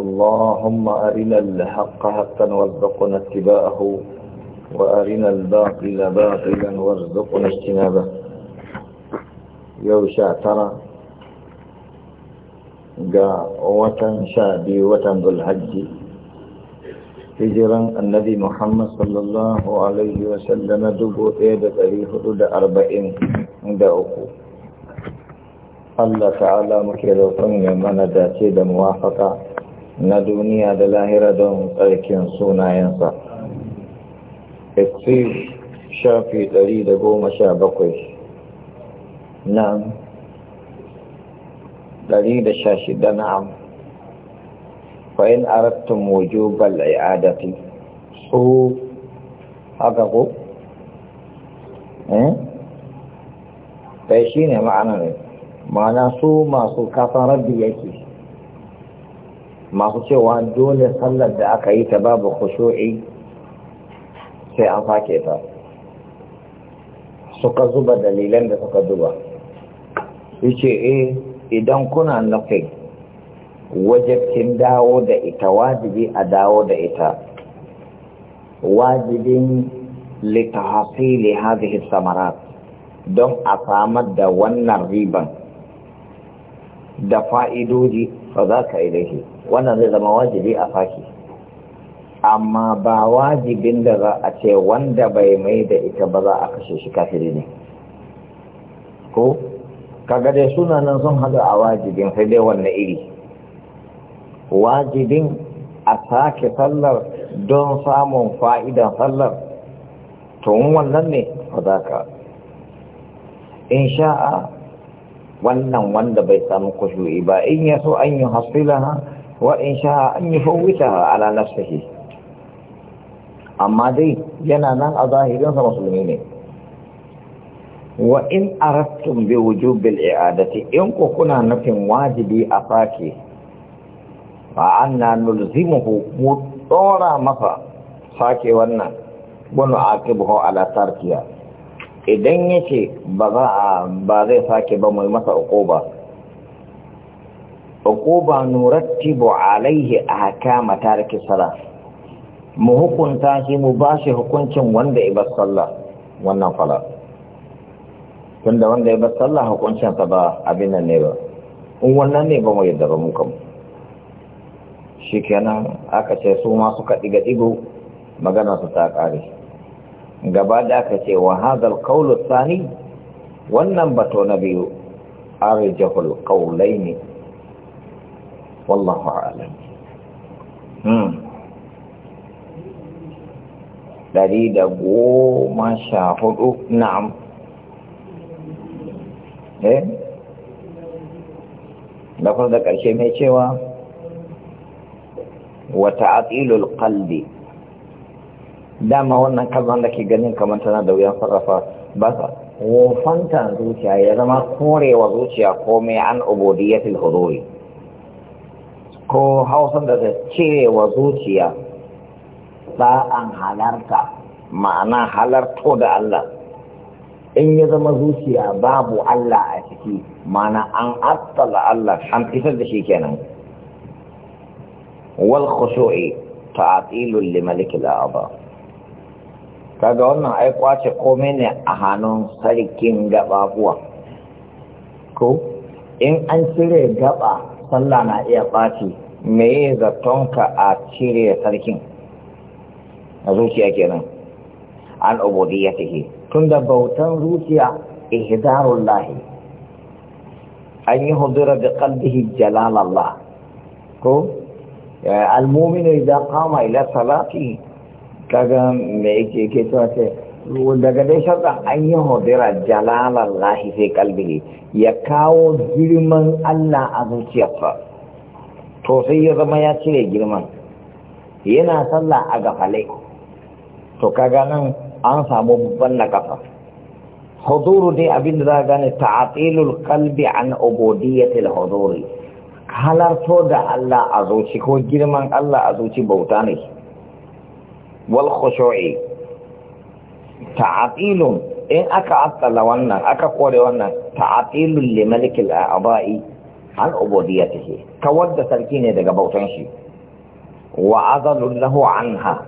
اللهم أرنا الحق حقا وارزقنا اتباعه وأرنا الباطل باطلا وارزقنا اجتنابه يوشع ترى جاء وطن شعبي وطن ذو الحج هجرا النبي محمد صلى الله عليه وسلم دبو ايد ابي حدود أربعين عند أخو الله تعالى مكيلوطن من داتي دموافقا na duniya da lahira don tsarkin sunayensa Ekfir shafi ɗari da goma sha bakwai nan ɗari da sha shida na'am fa'in arattun wujubal adafi. su haka ko? eh? shi ne ma'ana ne ma'ana su masu kafin rabbi yake masu cewa dole sallar da aka yi ta babu khushu'i sai an fake ta suka zuba dalilan da suka zuba ce, eh idan kuna nufin wajabcin dawo da ita wajibi a dawo da ita wajibin litahasili hadhihi samarat don a samar da wannan riban da fa'idodi fa za ka ilaihi wannan zai zama wajibi a faki. amma ba wajibin da za a ce wanda bai mai da ita ba za a kashe shi kafiri ne ko kaga dai suna nan sun haɗu a wajibin sai dai wannan iri wajibin a sake sallar don samun fa'idan sallar tun wannan ne ba za ka in sha'a wannan wanda bai samu kushu'i ba in ya so an yi hasilaha wa in sha an yi fawwitaha ala nafsihi amma dai yana nan a zahirinsa musulmi ne wa in arattum bi wujubil i'adati in ku kuna nufin wajibi a sake fa anna nulzimuhu mu tsora masa sake wannan bunu aqibuhu ala tarkiya idan ya ce ba za a ba zai sake ba mai masa ba nuratti bu alaihi haka matarki sara mu hukunta shi mu ba shi hukuncin wanda ya sallah wannan fala tunda wanda ya bar sallah hukuncin sa ba abin nan ne ba in wannan ne ba mu yadda ba mu kam kenan aka ce su ma suka diga digo magana su ta kare gaba da aka ce wa hadal qawlu thani wannan bato na biyu arjahul qawlaini wallahu a'lam hmm dari da goma sha hudu na'am eh da kuma da ƙarshe mai cewa wata aqilul qalbi dama wannan kalman da ke ganin kamar tana da wuyan sarrafa ba sa wofanta zuciya ya zama korewa zuciya ko mai an ubudiyatil horori. ko hausar da ta cirewa zuciya ba an halarta ma'ana halarto da Allah in ya zama zuciya babu Allah a ciki ma'ana an asala Allah an fitar da shi kenan wal khushu'i ta'atilul limalikil a'dha kaga wannan ai kwace komai ne a hannun sarkin gababuwa ko in an cire gaba sallah na iya ɓaci me zatonka a cire sarkin a zuciya kenan an tun tunda bautan zuciya ihdarul lahi an yi hudura da qalbihi jalalallah ko eh, al-mu'minu idza qama ila kaga me yake ke cewa ce daga dai sharɗa an yi hodira jalalar lahi sai kalbi ya kawo girman Allah a zuciyarsa to sai ya zama ya cire girman yana sallah a gafale to kaga nan an samu babban na kafa huduru dai da za gane ta'atilul kalbi an ubudiyatil huduri halarto da Allah a zuci ko girman Allah a zuci bauta ne wal khushu'i ta'atilun in aka asala wannan aka kore wannan ta'atilun li malikil a'ba'i an ubudiyyatihi kawar da sarki ne daga bautan shi wa azalun lahu anha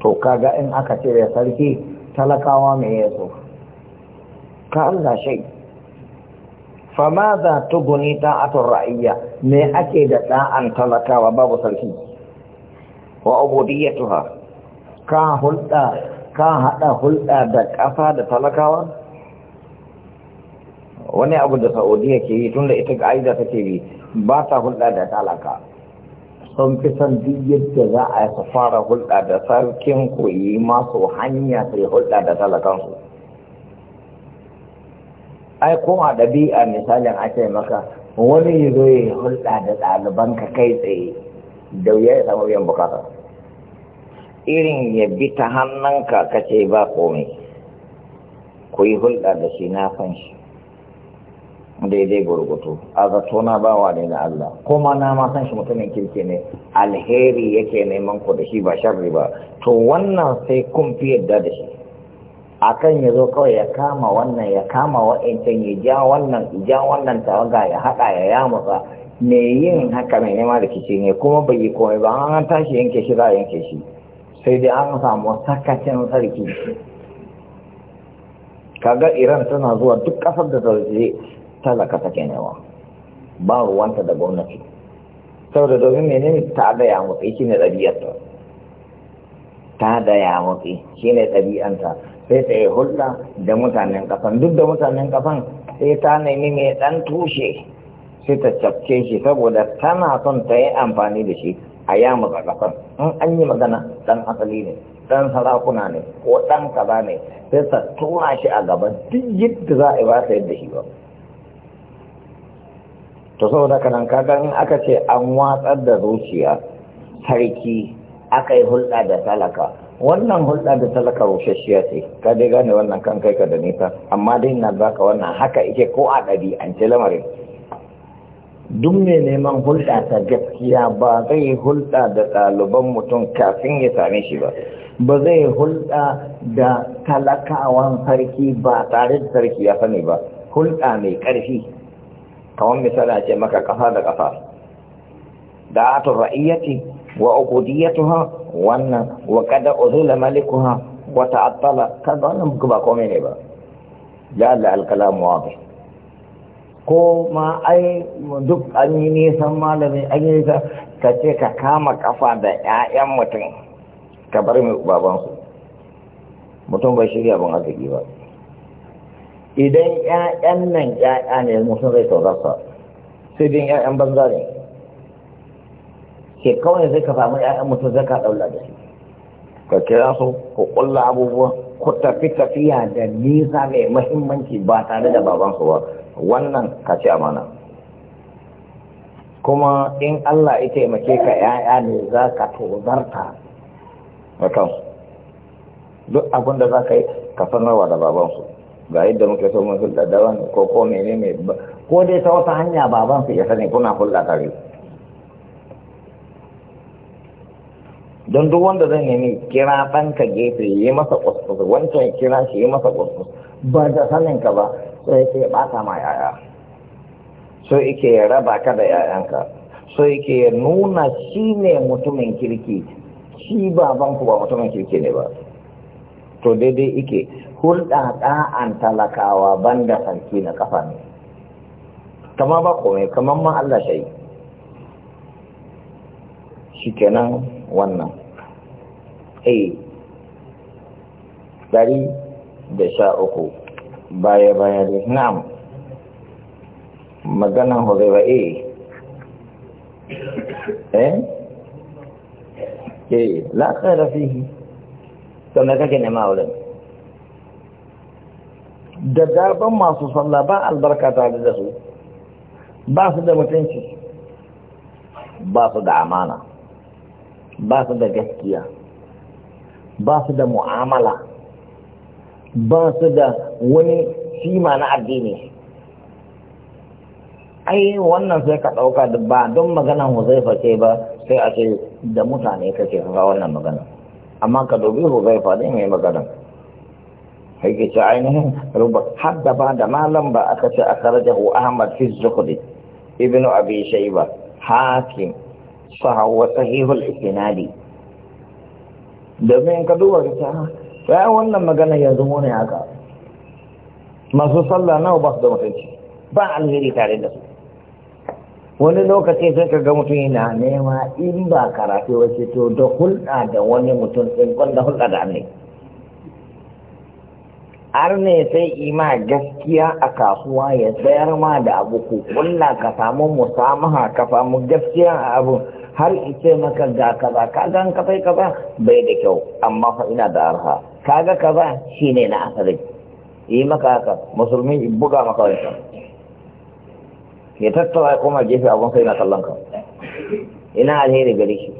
to kaga in aka cire sarki talakawa mai yaso ka Allah shai fama za tuguni ta'atul ra'iyya me ake da ta'an talakawa babu sarki wa abudiyatuha ka hulda ka haɗa hulɗa da ƙasa da talakawa wani abu da saudiya ke yi tunda da ita aida take yi ba ta hulɗa da talaka sun fi son duk yadda za a su fara hulɗa da sarkin koyi masu hanya su yi hulɗa da talakansu ai ko a misalin ake maka wani ya zo ya hulɗa da ɗalibanka kai tsaye da wuya ya samu biyan bukata irin ya bi ta hannun ka ce ba komai ku yi hulɗa da shi na san shi daidai gurgutu a na ba wa ne na Allah kuma na ma san shi mutumin kirki ne alheri yake neman ku da shi ba sharri ba to wannan sai kun fi yadda da shi A kan ya zo kawai ya kama wannan ya kama wa'ancan ya ja wannan ja wannan tawaga ya haɗa ya yamutsa me yin haka mai nema rikici ne kuma bai yi komai ba an tashi yanke shi za a yanke shi sai dai an samu sakacin sarki kaga iran tana zuwa duk kasar da zarce talaka take nema ba ruwanta da gwamnati saboda domin ne ta daya shi ne ɗabi'arta ta daya mutsi shi ne ɗabi'anta sai ta yi hulɗa da mutanen kafan duk da mutanen kafan sai ta nemi mai ɗan tushe sai ta cafke shi saboda tana son ta yi amfani da shi a yamu a in an yi magana ɗan asali ne ɗan sarakuna ne ko ɗan kaza ne sai ta tura shi a gaba duk yadda za a yi ba ta yadda shi ba to saboda nan kaga in aka ce an watsar da zuciya sarki aka yi hulɗa da talaka wannan hulɗa da talaka rusasshiya ce ka dai gane wannan kan kai ka da nisa amma dai na baka wannan haka ike ko a ɗabi'ance lamarin duk mai neman hulɗa ta gaskiya ba zai hulɗa da ɗaliban mutum kafin ya same shi ba ba zai hulɗa da talakawan sarki ba tare da sarki ya sani ba hulɗa mai ƙarfi kawon misali ce maka ƙasa da ƙasa da atun ra'iyyati wa ha? wannan wa kada uzula malikuha wa ta'attala kaga wannan ba komai ne ba Ya al-kalamu ba. ko ma ai duk an yi nisan malami an yi ka ka ce ka kama kafa da 'ya'yan mutum ka bar mai babansu mutum bai shirya ban arziki ba idan 'ya'yan nan 'ya'ya ne mutum zai taurarsa sai bin 'ya'yan banza ne ke kawai zai ka samu 'ya'yan mutum zai ka ɗaula da shi ka kira su ko ƙulla abubuwa ku tafi tafiya da nisa mai mahimmanci ba tare da babansu ba wannan ka ce amana kuma in Allah ya taimake ka ‘ya'ya ne za ka tozarta a kan duk abin da za ka yi ka sanarwa da babansu ga yadda muke so mun hulɗa da ko ko mene ne ko dai ta wata hanya babansu ya sani kuna hulɗa tare don duk wanda zai nemi kira ɗanka gefe yi masa ƙwasƙwas wancan kira shi yi masa ƙwasƙwas ba da sanin ka ba so yake ɓata ma yaya so yake raba ka da yayanka so yake nuna shi ne mutumin kirki shi babanku ba mutumin kirki ne ba to daidai ike hulɗa ɗa'an talakawa ban da sarki na kafa ne kama ba komai kamar ma Allah shai. shi kenan wannan eh dari da sha uku baya baya da magana maganan ba eh eh eh la khaira fihi to kake nema wurin da zaben masu sallah ba albarka tare da su ba su da mutunci ba su da amana ba su da gaskiya ba su da mu'amala ba su da wani sima na addini ai wannan sai ka ɗauka da ba don maganan huzaifa ce ba sai a ce da mutane kake kaga wannan magana amma ka dubi huzaifa da mai magana haike ce ainihin rubar hadda ba da malam ba aka ce a karajahu ahmad fi zuhri ibnu abi shaiba hakim sahawar sahihul istinadi domin ka duba ka ah, ta ya wannan magana yanzu mu ne haka masu sallah nawa ba su da mutunci ba alheri tare da su wani lokaci sai ka ga mutum yana nema in ba karatu wace to da hulɗa da wani mutum ɗin kwanda hulɗa da ne har ne sai ima gaskiya a kasuwa ya tsayar ma da abu ku kulla ka samu musamaha ka samu gaskiya a abu har ce maka ga kaza kaga an kafai kaza bai da kyau amma fa ina da arha kaga kaza shine na asali yi maka haka musulmi buga maka wani ya tattara kuma gefe abun sai na kallon ka ina alheri gare shi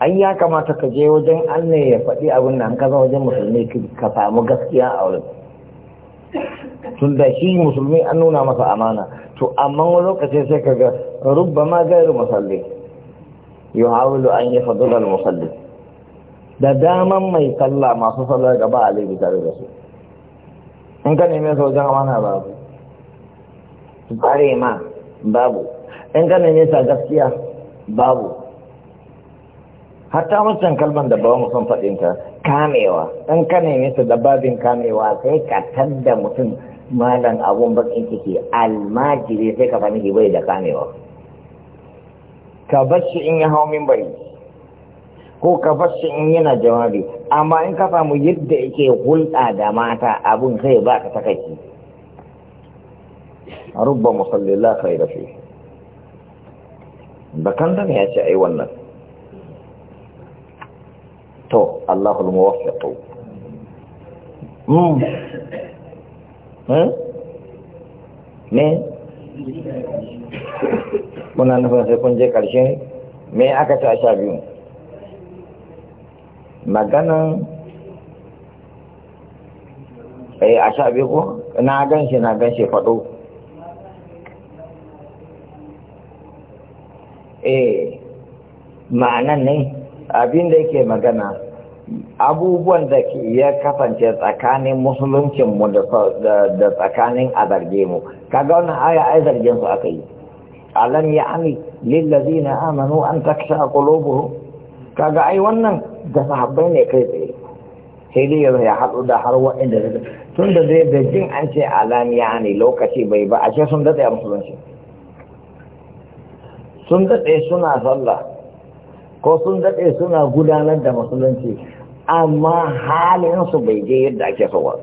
ai ya kamata ka je wajen Allah ya faɗi abin nan ka wajen musulmi ka samu gaskiya a wurin tun da shi musulmi an nuna masa amana to amma wani lokaci sai ka ga rubba ma gairu masalli. haulu an yi fadular musalli da daman mai kalla masu sallah gaba a laifin tare da su in ka neme su wajen amana babu tsare ma babu in ka neme sa gaskiya babu hatta wancan kalman da ba mu son ta kamewa in ka neme su da babin kamewa sai ka tadda mutum malam abun bakin ciki almajiri sai ka fahimci bai da kamewa ka bar shi in ya hau mimbari ko ka bar shi in yana jawabi amma in ka samu yadda yake hulɗa da mata abun sai ba ka takaki rubba musallila kai da fi bakan da ya ce ai wannan to Allahul muwaffiq mm eh hmm? ne muna nufin sai kun je ƙarshen me aka ci a sha biyu maganan eh a sha biyu ko na gan shi na gan shi faɗo eh ma'anan ne abin da yake magana abubuwan da ya kasance tsakanin musuluncinmu da tsakanin a zarge mu kaga wannan aya ai zargen su aka yi alam ya ani na amanu an a qulubuhum kaga ai wannan da sahabbai ne kai tsaye sai dai yanzu ya haɗu da har waɗanda tun da zai da jin an ce alam ya ani lokaci bai ba a ce sun daɗe a musulunci sun daɗe suna sallah ko sun daɗe suna gudanar da musulunci amma halinsu bai je yadda ake so ba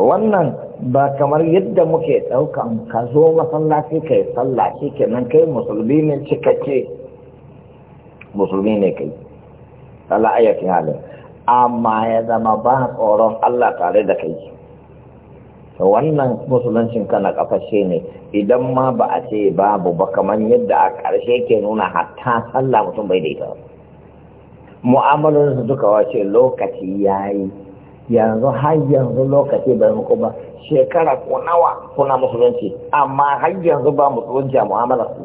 wannan ba kamar yadda muke ɗaukan ka zo masallaci kai sallaci kenan kai musulmi ne cikakke musulmi ne kai Allah ayyakin halin amma ya zama ba tsoron Allah tare da kai wannan musuluncin kana kafashe ne idan ma ba a ce babu ba kamar yadda a ƙarshe ke nuna hatta sallah mutum bai daita mu'amalarsu duka wace lokaci ya yi yanzu har yanzu lokaci bai muku ba shekara ko nawa kuna musulunci amma har yanzu ba musulunci a su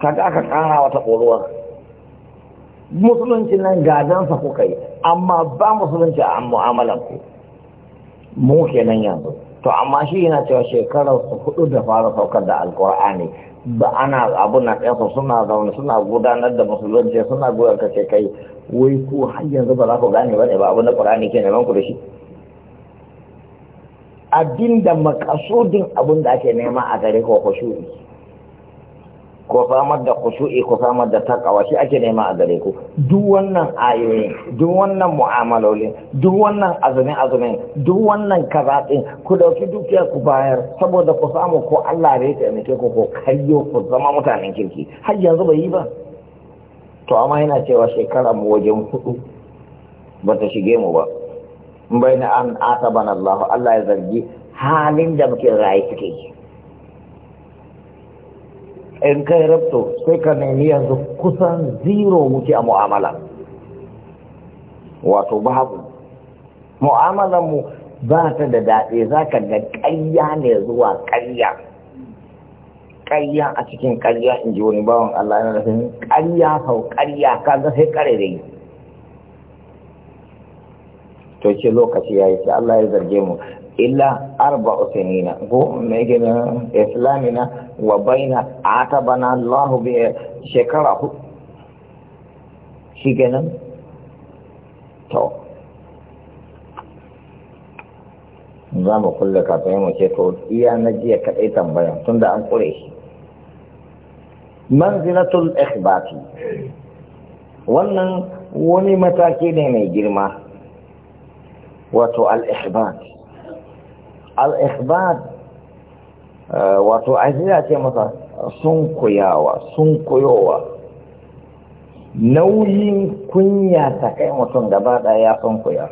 kaga aka kara wata koruwar musulunci nan gadansa kuka yi amma ba musulunci a ku. mu kenan yanzu to amma shi yana cewa shekarar su hudu da fara saukar da alkur'ani ba ana abu na ɗaya suna zaune suna gudanar da musulunci suna gudanar kace kai wai ku har yanzu ba za ku gane ba ne ba abu na ƙur'ani ke neman ku da shi abin da makasudin abin da ake nema a gare ko ku shuri ko samar da kushu'i ko samar da takawa shi ake nema a gare ku duk wannan ayoyin duk wannan mu'amalolin duk wannan azumin azumin duk wannan kazaɗin ku dauki dukiya ku bayar saboda ku samu ko Allah ya taimake ku ko karyo ku zama mutanen kirki har yanzu bai yi ba to amma yana cewa shekara mu wajen hudu ta shige mu ba bai na an ataban Allah Allah ya zargi halin da muke rayu suke yi in kai rabto sai ka nemi yanzu kusan zero muke a mu'amala wato babu mu ba ta da daɗe za ka ga ƙarya ne zuwa ƙayya. Ƙayya a cikin ƙayya, in ji wani bawan Allah yana da Ƙayya sau ƙayya, ka ga sai ƙare to ce lokaci ya yi Allah ya zarge mu illa arba usanina ko mai gina islamina wa baina atabana Allah bi eh, shekara hu shi ganin to za mu kulle kafin mu ce to iya na jiya kaɗai tambayan tunda an ƙure shi manzilatul ikhbati wannan wani mataki ne mai girma wato al-ihbad eh, wato ajiya ce masa sun kuyawa sun kuyowa nauyin kunya ta kai mutum gaba da ya sun kuya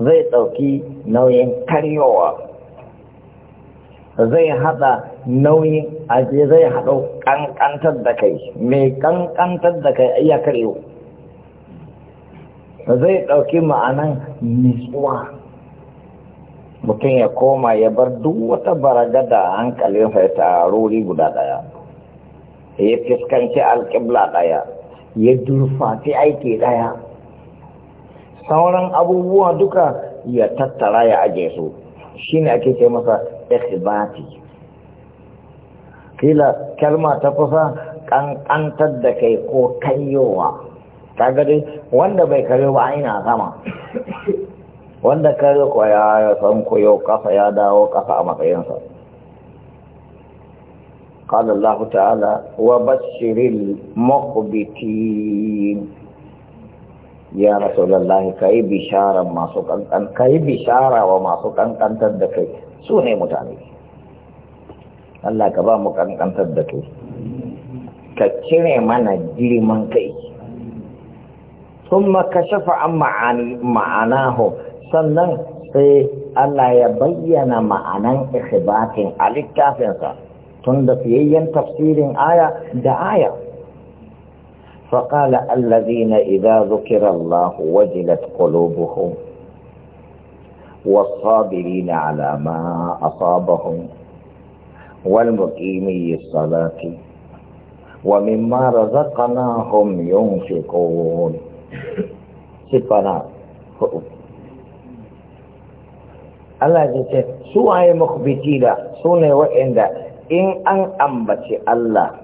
zai ɗauki nauyin karyowa zai haɗa nauyin aje zai haɗo ƙanƙantar da kai mai ƙanƙantar da kai iya karyo zai ɗauki ma'anan nitsuwa mutum ya koma ya bar duk wata baragada a hankalinsa ya tarori guda ɗaya ya fuskanci alƙibla ɗaya ya durfati aiki ɗaya sauran abubuwa duka ya tattara ya aje su shine ake ce masa ikhbati kila kalma ta kusa ƙanƙantar da kai ko kanyowa kaga dai wanda bai kare ba aina sama wanda kare ko ya san ko yau kafa ya dawo kafa a matsayinsa قال الله تعالى وبشر المقبتين يا رسول الله كاي بشارة ما سكان كان كاي بشارة وما سكان كان تدكي سوني متاني الله كبا كان تدكي ka cire mana girman kai ثم كشف عن معاني معناه سنن في ألا يبين معنى إخبات على a تند في أي تفسير آية دعاية فقال الذين إذا ذكر الله وجلت قلوبهم والصابرين على ما أصابهم والمقيمي الصلاة ومما رزقناهم ينفقون siffa hudu Allah ya ce su waye makubiti da su ne wa'inda in an ambaci Allah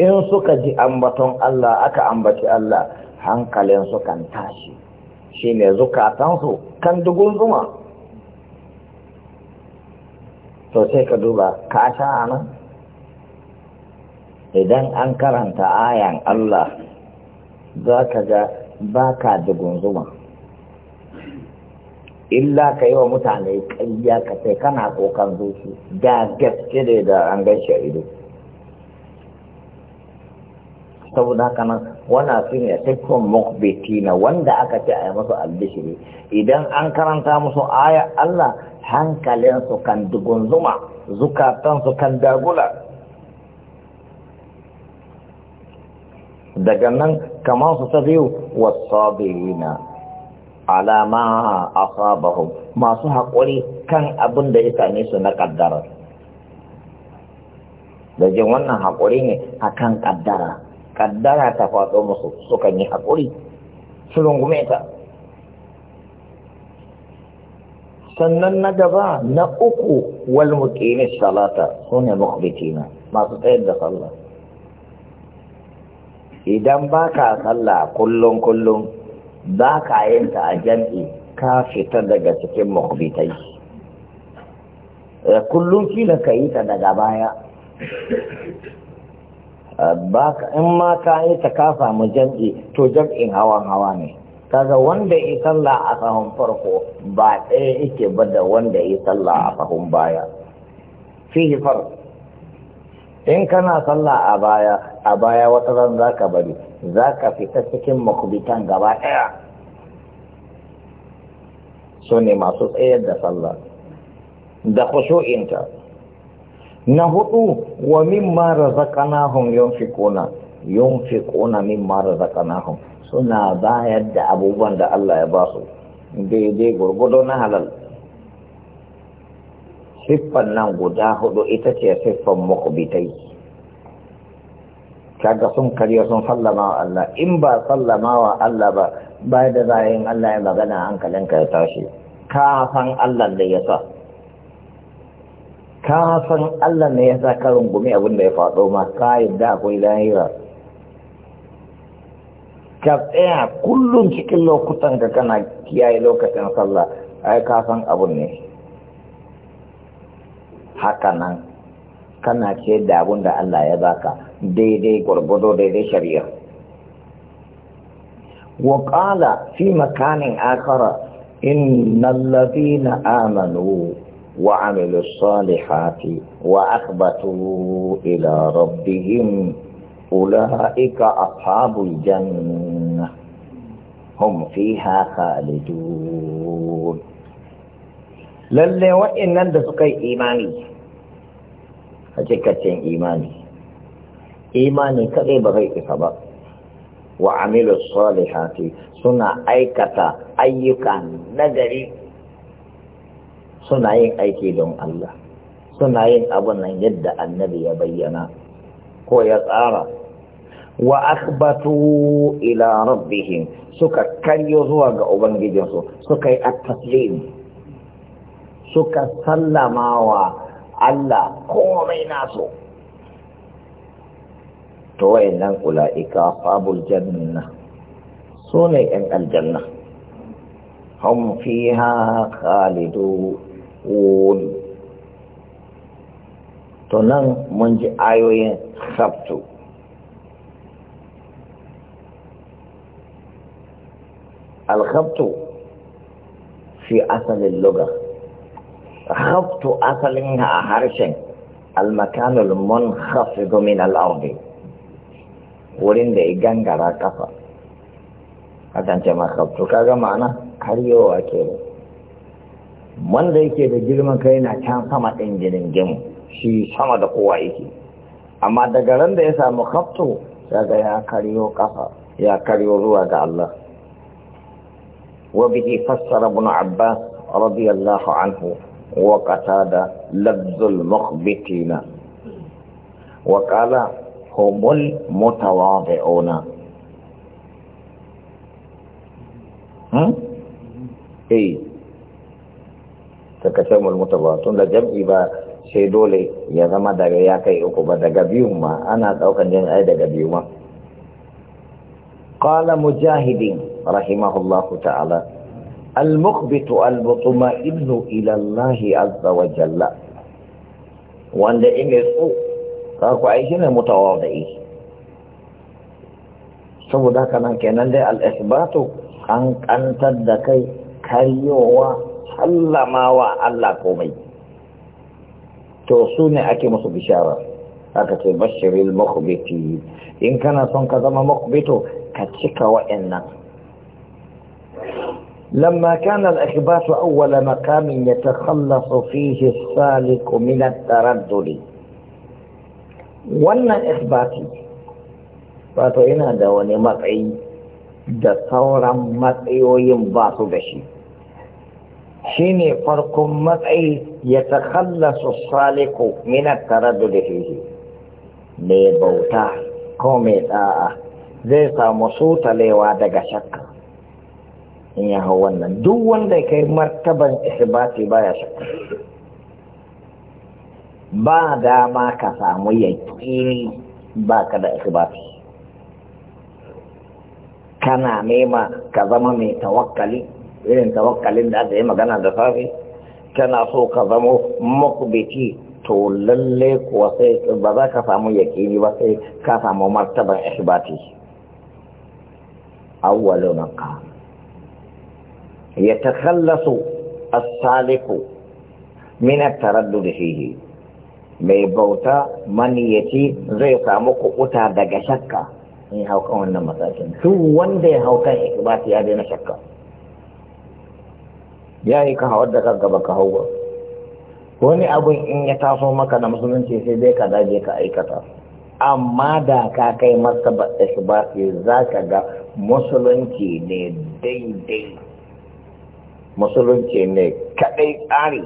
in suka ji ambaton Allah aka ambaci Allah hankalin su kan tashi shi shine zukatansu kan dugun zuma to sai ka duba ka sha idan an karanta ayan Allah za ka ga ba ka da gunzuma illa ka yi wa mutane ƙayya ka sai kana kokan zuci da gaske ne da an gan ido saboda haka nan wana su ne taifin na wanda aka ce a yi masu albishiri idan an karanta musu aya Allah hankalinsu kan dugunzuma zukatansu kan dagula daga nan kamar su ta biyu wasabirina alama a sabahu masu haƙuri kan abin da ya same su na ƙaddara da jin wannan haƙuri ne akan ƙaddara ƙaddara ta faɗo musu sukan yi haƙuri su rungume ta sannan na gaba na uku wal ne salata sune mukhbitina masu tsayar da sallah idan ba ka sallah kullum kullum ba ka a jam'i ka fitar daga cikin makubitai eh, kullum fila ka yi ta daga baya eh, in ma ka yi ta ka samu jam'i to jam'in hawan hawa ne kaga wanda ya sallah a sahun farko ba ɗaya yake ba da wanda ya sallah a sahun baya fi in kana sallah a baya a baya wata ran za ka bari za ka fita cikin makubitan gaba ɗaya su ne masu tsayar da sallah da kusho'inta na hudu wa mimma razaqnahum yunfiquna yunfiquna mimma razaqnahum suna bayar da abubuwan da Allah ya ba su daidai gurgudo na halal siffan nan guda hudu ita ce siffan makubitai kaga sun kariya sun sallama wa Allah in ba sallama wa Allah ba bai da zayin Allah ya magana hankalin ka ya tashi ka san Allah da ya ka san Allah ne yasa ka rungumi abin da ya faɗo ma ka yadda akwai lahira ka tsaya kullum cikin lokutan ka kana kiyaye lokacin sallah ai ka san abun ne haka nan kana ce da abun da Allah ya baka دي دي قربدو دي دي شريه وقال في مكان آخر إن الذين آمنوا وعملوا الصالحات وأخبتوا إلى ربهم أولئك أصحاب الجنة هم فيها خالدون للي وإن نندسك إيماني هجكتين إيماني imani kaɗai ba zai isa ba wa amilu salihati suna aikata ayyuka nagari suna yin aiki don Allah suna yin abin nan yadda annabi ya bayyana ko ya tsara wa akhbatu ila rabbihim suka karyo zuwa ga ubangijinsu suka yi at suka sallama wa Allah komai nasu to wayannan ula'ika ashabul janna su ne yan aljanna hum fiha khalidun to nan mun ji ayoyin sabtu الخبط في أصل اللغة خبط أصلها هرشن المكان المنخفض من الأرض wurin da ya gangara kafa hakan ce makabtu kaga ma'ana karyowa ke wanda yake da girman kai na can sama ɗin jirin gemu shi sama da kowa yake amma daga ran da ya samu kafto daga ya karyo kafa ya karyo ruwa ga Allah wa fassara ibn Abbas radiyallahu anhu wa qatada lafzul mukhbitina wa qala هم المتواضعون ها اي تكتم المتواضعون لجمع با sai dole ya zama daga ya kai uku ba daga biyun ma ana daukan jin ai daga biyu ma qala mujahidin rahimahullahu ta'ala al muqbitu al mutma'innu ila allah azza wa jalla wanda in ya so kaku ai shine mutawadi saboda haka nan kenan dai al-isbatu an kantar da kai karyowa sallamawa Allah komai to sune ake musu bishara aka ce bashiril mukhbiti in kana son ka zama mukhbito ka cika wa'annan لما كان الإخباس أول مقام يتخلص فيه السالك من التردد wannan isbati wato ina da wani matsayi da sauran matsayoyin ba su da shi shine farkon matsayi ya takhallasu saliku min at-taraddud mai bauta ko mai ɗa'a zai samu sutalewa daga shakka in ya hau wannan duk wanda kai martaban isbati baya shakka ba dama ka samu yaƙini ba ka da ikibati kana nema ka zama mai tawakkali irin tawakkalin da aka yi magana da safe kana so ka zama makubici to lalle kuwa sai ba za ka samu yaƙini ba sai ka samu martaban ikibati awwalu maqam yatakhallasu as-saliku min at-taraddud fihi mai bauta maniyaci zai samu wuta daga shakka in hau wannan matakin duk wanda ya hau kan ikibati ya daina shakka ya yi ka hawar da ka gaba ka hau ba wani abin in ya taso maka da musulunci sai dai ka daje ka aikata amma da ka kai martaba isbati za ka ga musulunci ne daidai musulunci ne kaɗai tsari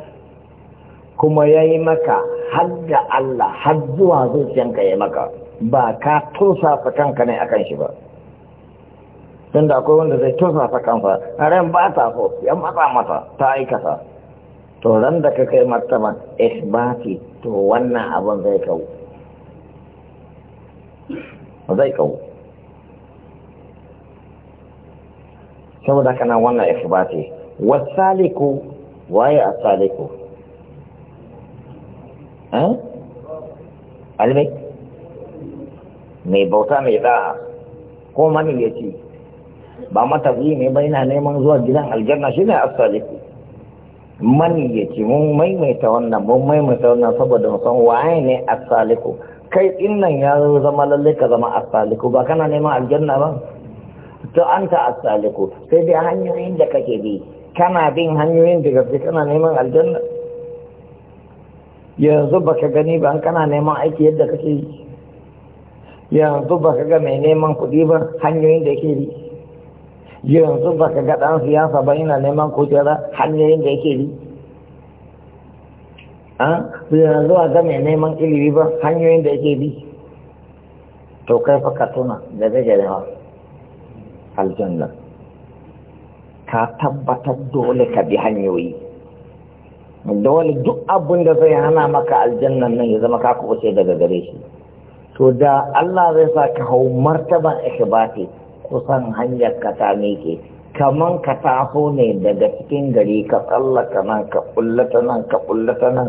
kuma ya yi maka hadda Allah har zuwa zuciyanka ya maka ba ka tosafa kanka ne akan shi ba don da akwai wanda zai tosafa kansa ran ba ta so ya matsa mata ta aikata to ran da ka kai martaba isbati eh, to wannan abin zai kawo zai kawo saboda kana wannan isbati wasaliku waye asaliku almai mai bauta mai da'a ko mani ya ce ba matafi ne ba yana neman zuwa gidan aljanna shi ne asaliku mani ya ce mun maimaita wannan mun maimaita wannan saboda san waye ne asaliku kai innan ya zama lalle ka zama asaliku ba kana neman aljanna ba to an ta asaliku sai dai hanyoyin da kake bi kana bin hanyoyin da gaske kana neman aljanna yanzu ba ka gani ba kana neman aiki yadda kake yi yanzu ba ka ga mai neman kuɗi ba hanyoyin da yake bi yanzu ba ka ga ɗan siyasa ba yana neman kujera hanyoyin da yake bi ah, yanzu a ga mai neman ilimi ba hanyoyin da yake bi to kai fa ka tuna da gajarewa aljanna ka tabbatar dole ka bi hanyoyi wani duk abin da zai hana maka aljannan nan ya zama ka kubuce daga gare shi to da Allah zai sa ka hau martaban ikhbati kusan hanyar ka ta miƙe kaman ka taso ne daga cikin gari ka tsallaka nan ka kullata nan ka kullata nan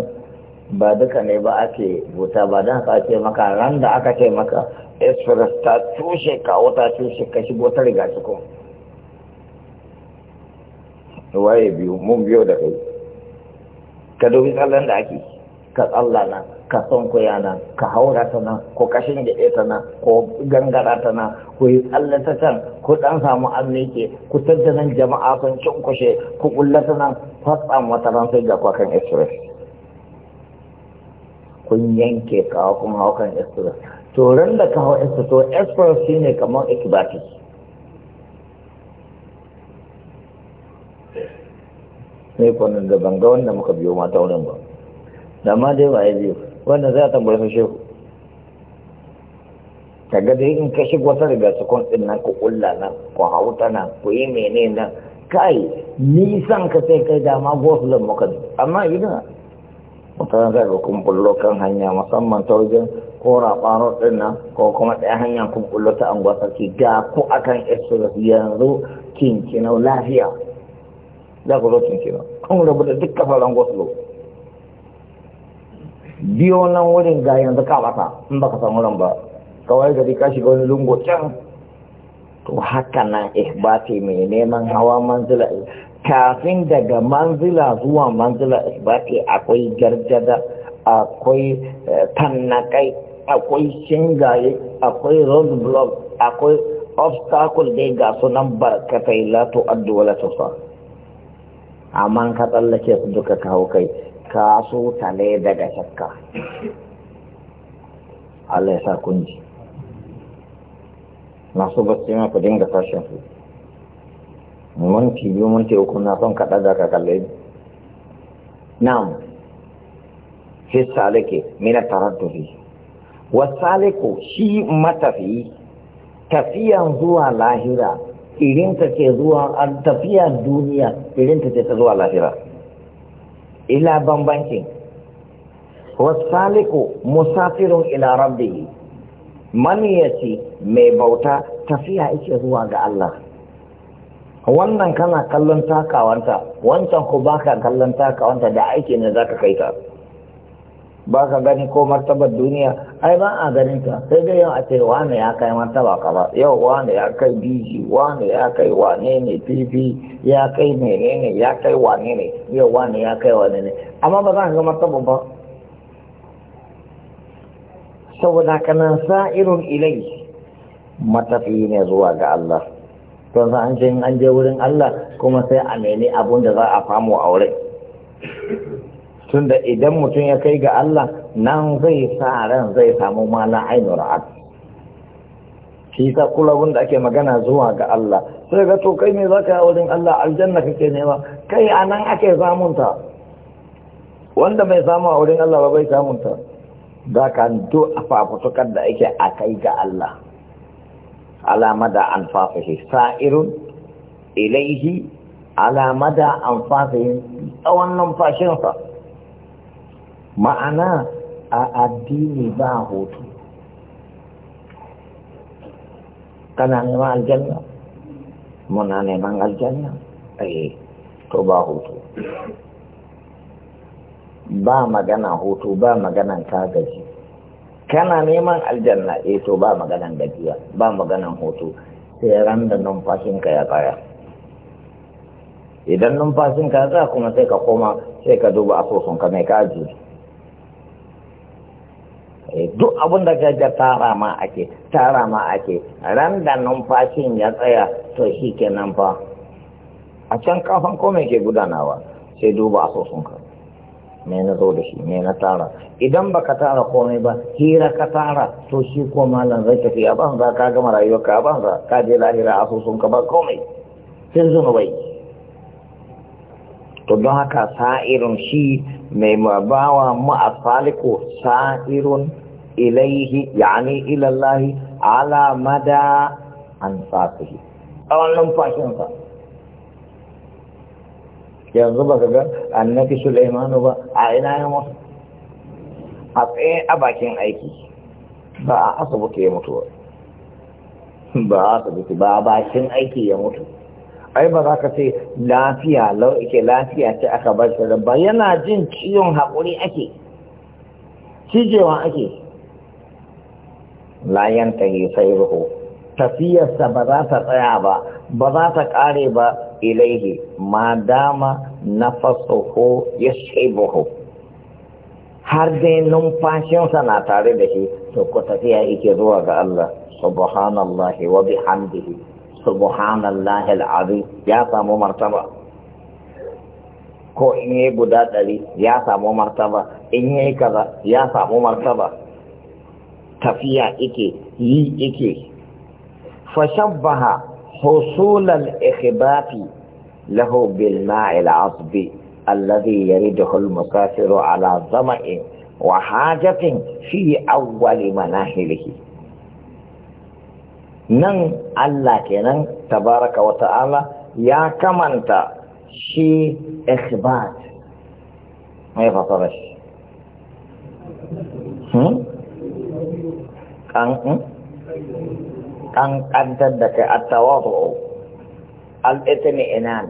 ba duka ne ba ake buta ba don ka ce maka ran da aka ce maka express ta tushe ka wata tushe ka shigo ta riga ciko. waye biyu mun biyo da kai ka dubi tsallan da ake ka tsalla nan ka son koya nan ka haura ta na ko kashin gyaɗe ta na ko gangara ta na ko yi can ko ɗan samu an ke, ku tattalin nan jama'a sun cunkushe ku ƙulla ta nan fatsa wata ran sai ga kwakan express kun yanke kawo kun express to da ka hau express to express shine kamar ikibati ne kwanan da banga wanda muka biyo mata wurin ba da ma dai waye biyu wanda za a tambayi su shehu ga dai in ka shiga wata riga su kwan din nan ku ƙulla nan ku hauta nan ku yi mene nan kai nisan ka sai kai dama gosulan muka amma ina mutane za ka kan hanya musamman ta wajen ko rabaro din nan ko kuma ɗaya hanya kumbulo ta anguwa sarki ga ku akan exodus yanzu kinkinau lafiya za ku zo tunke ba kun rabu da duk kafaran biyo nan wurin ga yanzu ka bata in baka san wurin ba kawai gari ka shiga wani lungo can to haka nan ihbati mai neman hawa manzila kafin daga manzila zuwa manzila ihbati akwai garjada akwai eh, tannakai akwai shingaye akwai block akwai obstacle dai ga sunan barkatai la addu'a wala tusa amma ka tsallake su duka kawo kai ka so tale daga shakka Allah ya sa kunji masu basu ma ku dinga sashen su minti biyu minti uku na son ka ɗaga ka kalle ni na'am fi salike mina taraddufi wa saliku shi matafi tafiyan zuwa lahira irinta ke zuwa a tafiya duniya irinta ce ta zuwa lahira ila bambancin wasaliku musafirun ila rabbihi maniyaci mai bauta tafiya ike zuwa ga Allah wannan kana kallon takawanta wancan ku baka kallon takawanta da aiki ne za ka kai ta ba ka gani ko martabar duniya ai ba a ganin ka sai dai yau a ce wane ya kai martaba ba yau wane ya kai biji wane ya kai wane ne fifi ya kai ne ya kai wane ne yau wane ya kai wane ne amma ba za ka ga martaba ba saboda haka nan sa'irun ilai matafi ne zuwa ga Allah don sa an ce an je wurin Allah kuma sai a mene abun da za a famu a wurin tunda idan mutum ya kai ga Allah nan zai sa ran zai samu mala ainihin ra'ad shi ta kula wanda ake magana zuwa ga Allah sai ga to kai me ka yi wajen Allah aljanna kake nema kai a nan ake samunta wanda mai samu a wurin Allah ba bai samunta da ka do a fafutukar da ake a kai ga Allah alamada an fafihi sa'irun ilaihi alamada an fafihin tsawon numfashinsa ma'ana a addini ba hoto kana neman aljanna muna neman aljanna ai eh, to ba hoto ba magana hoto ba maganan kagaji kana neman aljanna eh to ba maganan gajiya ba maganan hoto sai ran da numfashinka ya tsaya idan numfashinka ya tsaya kuma sai ka koma sai ka duba asusunka mai kaji Eh, duk abin da gaja tara ma ake tara ma ake ran da numfashin ya tsaya to shi ke nan fa a can kafan kome ke gudanawa sai duba a ka me na zo da shi me na tara idan baka tara komai ba hira ka tara to shi ko malam zai tafi a banza ka gama rayuwarka ka a banza ka je lahira a ka ba komai sai zunubai to don haka sa'irun shi mai bawa ma'asaliku sa'irun ilaihi yani ila Allah ala mada an fasihi tsawon numfashinsa yanzu ba ka ga annabi Sulaimanu ba a ina ya mutu a tsaye a bakin aiki ba a asibiti ya mutu ba a asibiti ba a bakin aiki ya mutu ai ba za ka ce lafiya lau ike lafiya ce aka bar shi ba yana jin ciwon haƙuri ake cijewa ake la sai sayruhu tafiyarsa ba za ta tsaya ba ba za ta kare ba ilaihi ma dama nafasuhu yashibuhu har dai numfashinsa na tare da shi to ku tafiya yake zuwa ga Allah subhanallah wa bihamdihi subhanallah al'azim ya samu martaba ko in yi guda ɗari ya samu martaba in yi kaza ya samu martaba tafiya ike yi ike fashabbaha husulal ikhbati lahu bil ma'il asbi alladhi yariduhu al mukafiru ala zama'in wa hajatin fi awwali manahilihi nan Allah kenan tabaraka wa ta'ala ya kamanta shi ikhbat mai fasara shi hmm? kan hmm? kankantar da kai attawadu al'itini inan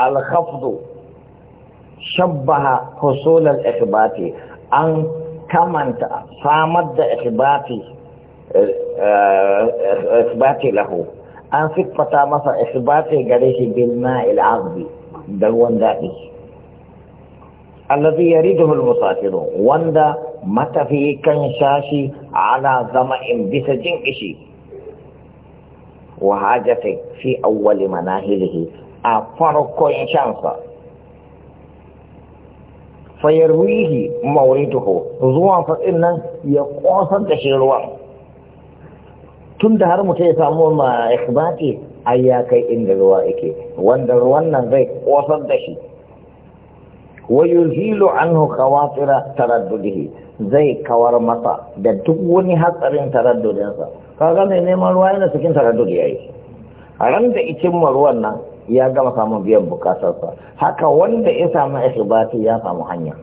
al-khafdu shabbaha husulal al an kamanta samar da ithbati eh, eh, lahu an siffata masa ithbati gare shi bil ma'il azbi da ruwan daɗi alladhi yariduhu almusafiru wanda matafi kan shashi ala zama'in bisa jin kishi wa hajati fi awwali manahilihi a farkon shansa fayarwihi mawriduhu zuwa fatsin nan ya kosar da shi ruwan tun har mutum ya samu ma ikhbati ai kai inda ruwa yake wanda ruwan nan zai kosar da shi wa yuzilu anhu khawatira taraddudihi zai kawar masa da duk wani hatsarin taraddudinsa kaga mai neman ruwa yana cikin taraddud yayi a ran da icin ruwan nan ya gama samun biyan bukatarsa haka wanda ya samu ikhbati ya samu hanya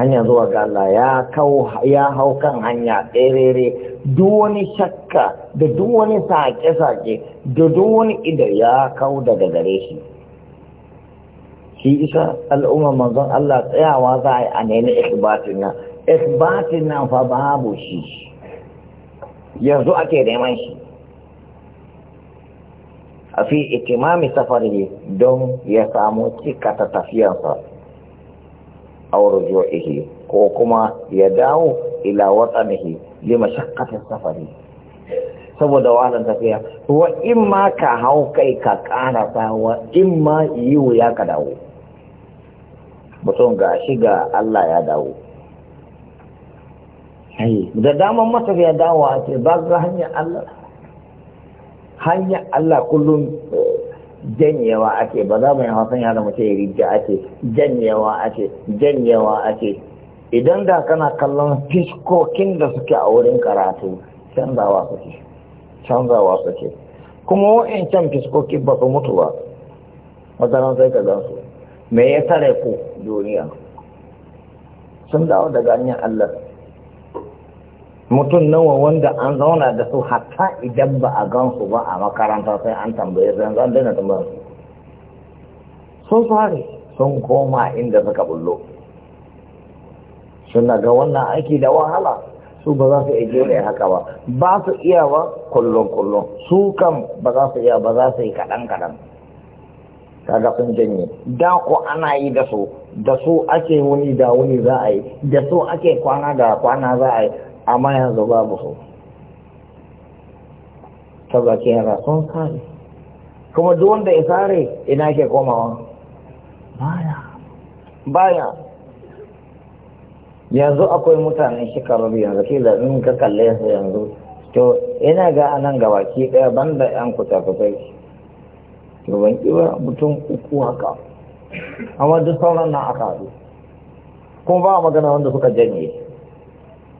hanya zuwa ga Allah ya kau ya hau kan hanya ɗerere duk wani shakka da duk wani sake-sake da duk wani idar ya kau daga gare shi shi isa al'umma manzon Allah tsayawa za a yi a nemi isbatin nan isbatin nan fa babu shi yanzu ake neman shi a fi itimami safari don ya samu cika ta tafiyarsa a rujuihi ko kuma ya dawo ila nahi lima shakkatin safari saboda wahalar tafiya wa in ma ka hau kai ka karasa wa in ma yi wuya ka dawo mutum ga shi ga Allah ya dawo da daman matafiya dawowa ce ba ga hanyar Allah hanyar Allah kullum eh, janyewa ake ba za mu yi hausan ya mace yi rijja ake janyewa ake janyewa ake idan da kana kallon fiskokin da suke a wurin karatu canzawa suke canzawa suke kuma wa'in can fiskokin ba su mutu ba wata sai ka gansu me ya tare ku duniya sun dawo daga hanyar Allah mutum nawa wanda an zauna da su hatta idan ba a gan ba a makaranta sai an tambaye su yanzu an daina tambayar su sun fare sun koma inda suka bullo suna ga wannan aiki da wahala su ba za su iya jure haka ba ba su iya ba kullum kullum su kan ba za su iya ba za su yi kaɗan kaɗan kaga sun janye da ku ana yi da su da su ake wuni da wuni za a yi da su ake kwana da kwana za a yi amma yanzu babu su saboda ke yara sun kare kuma duk wanda ya sare ina ke komawa baya baya yanzu akwai mutane shekaru yanzu ke da in ka kalle yanzu to ina ga anan gabaki daya banda yan kuta-kutai to ban ba mutum uku haka amma duk sauran na aka haɗu kuma ba magana wanda suka janye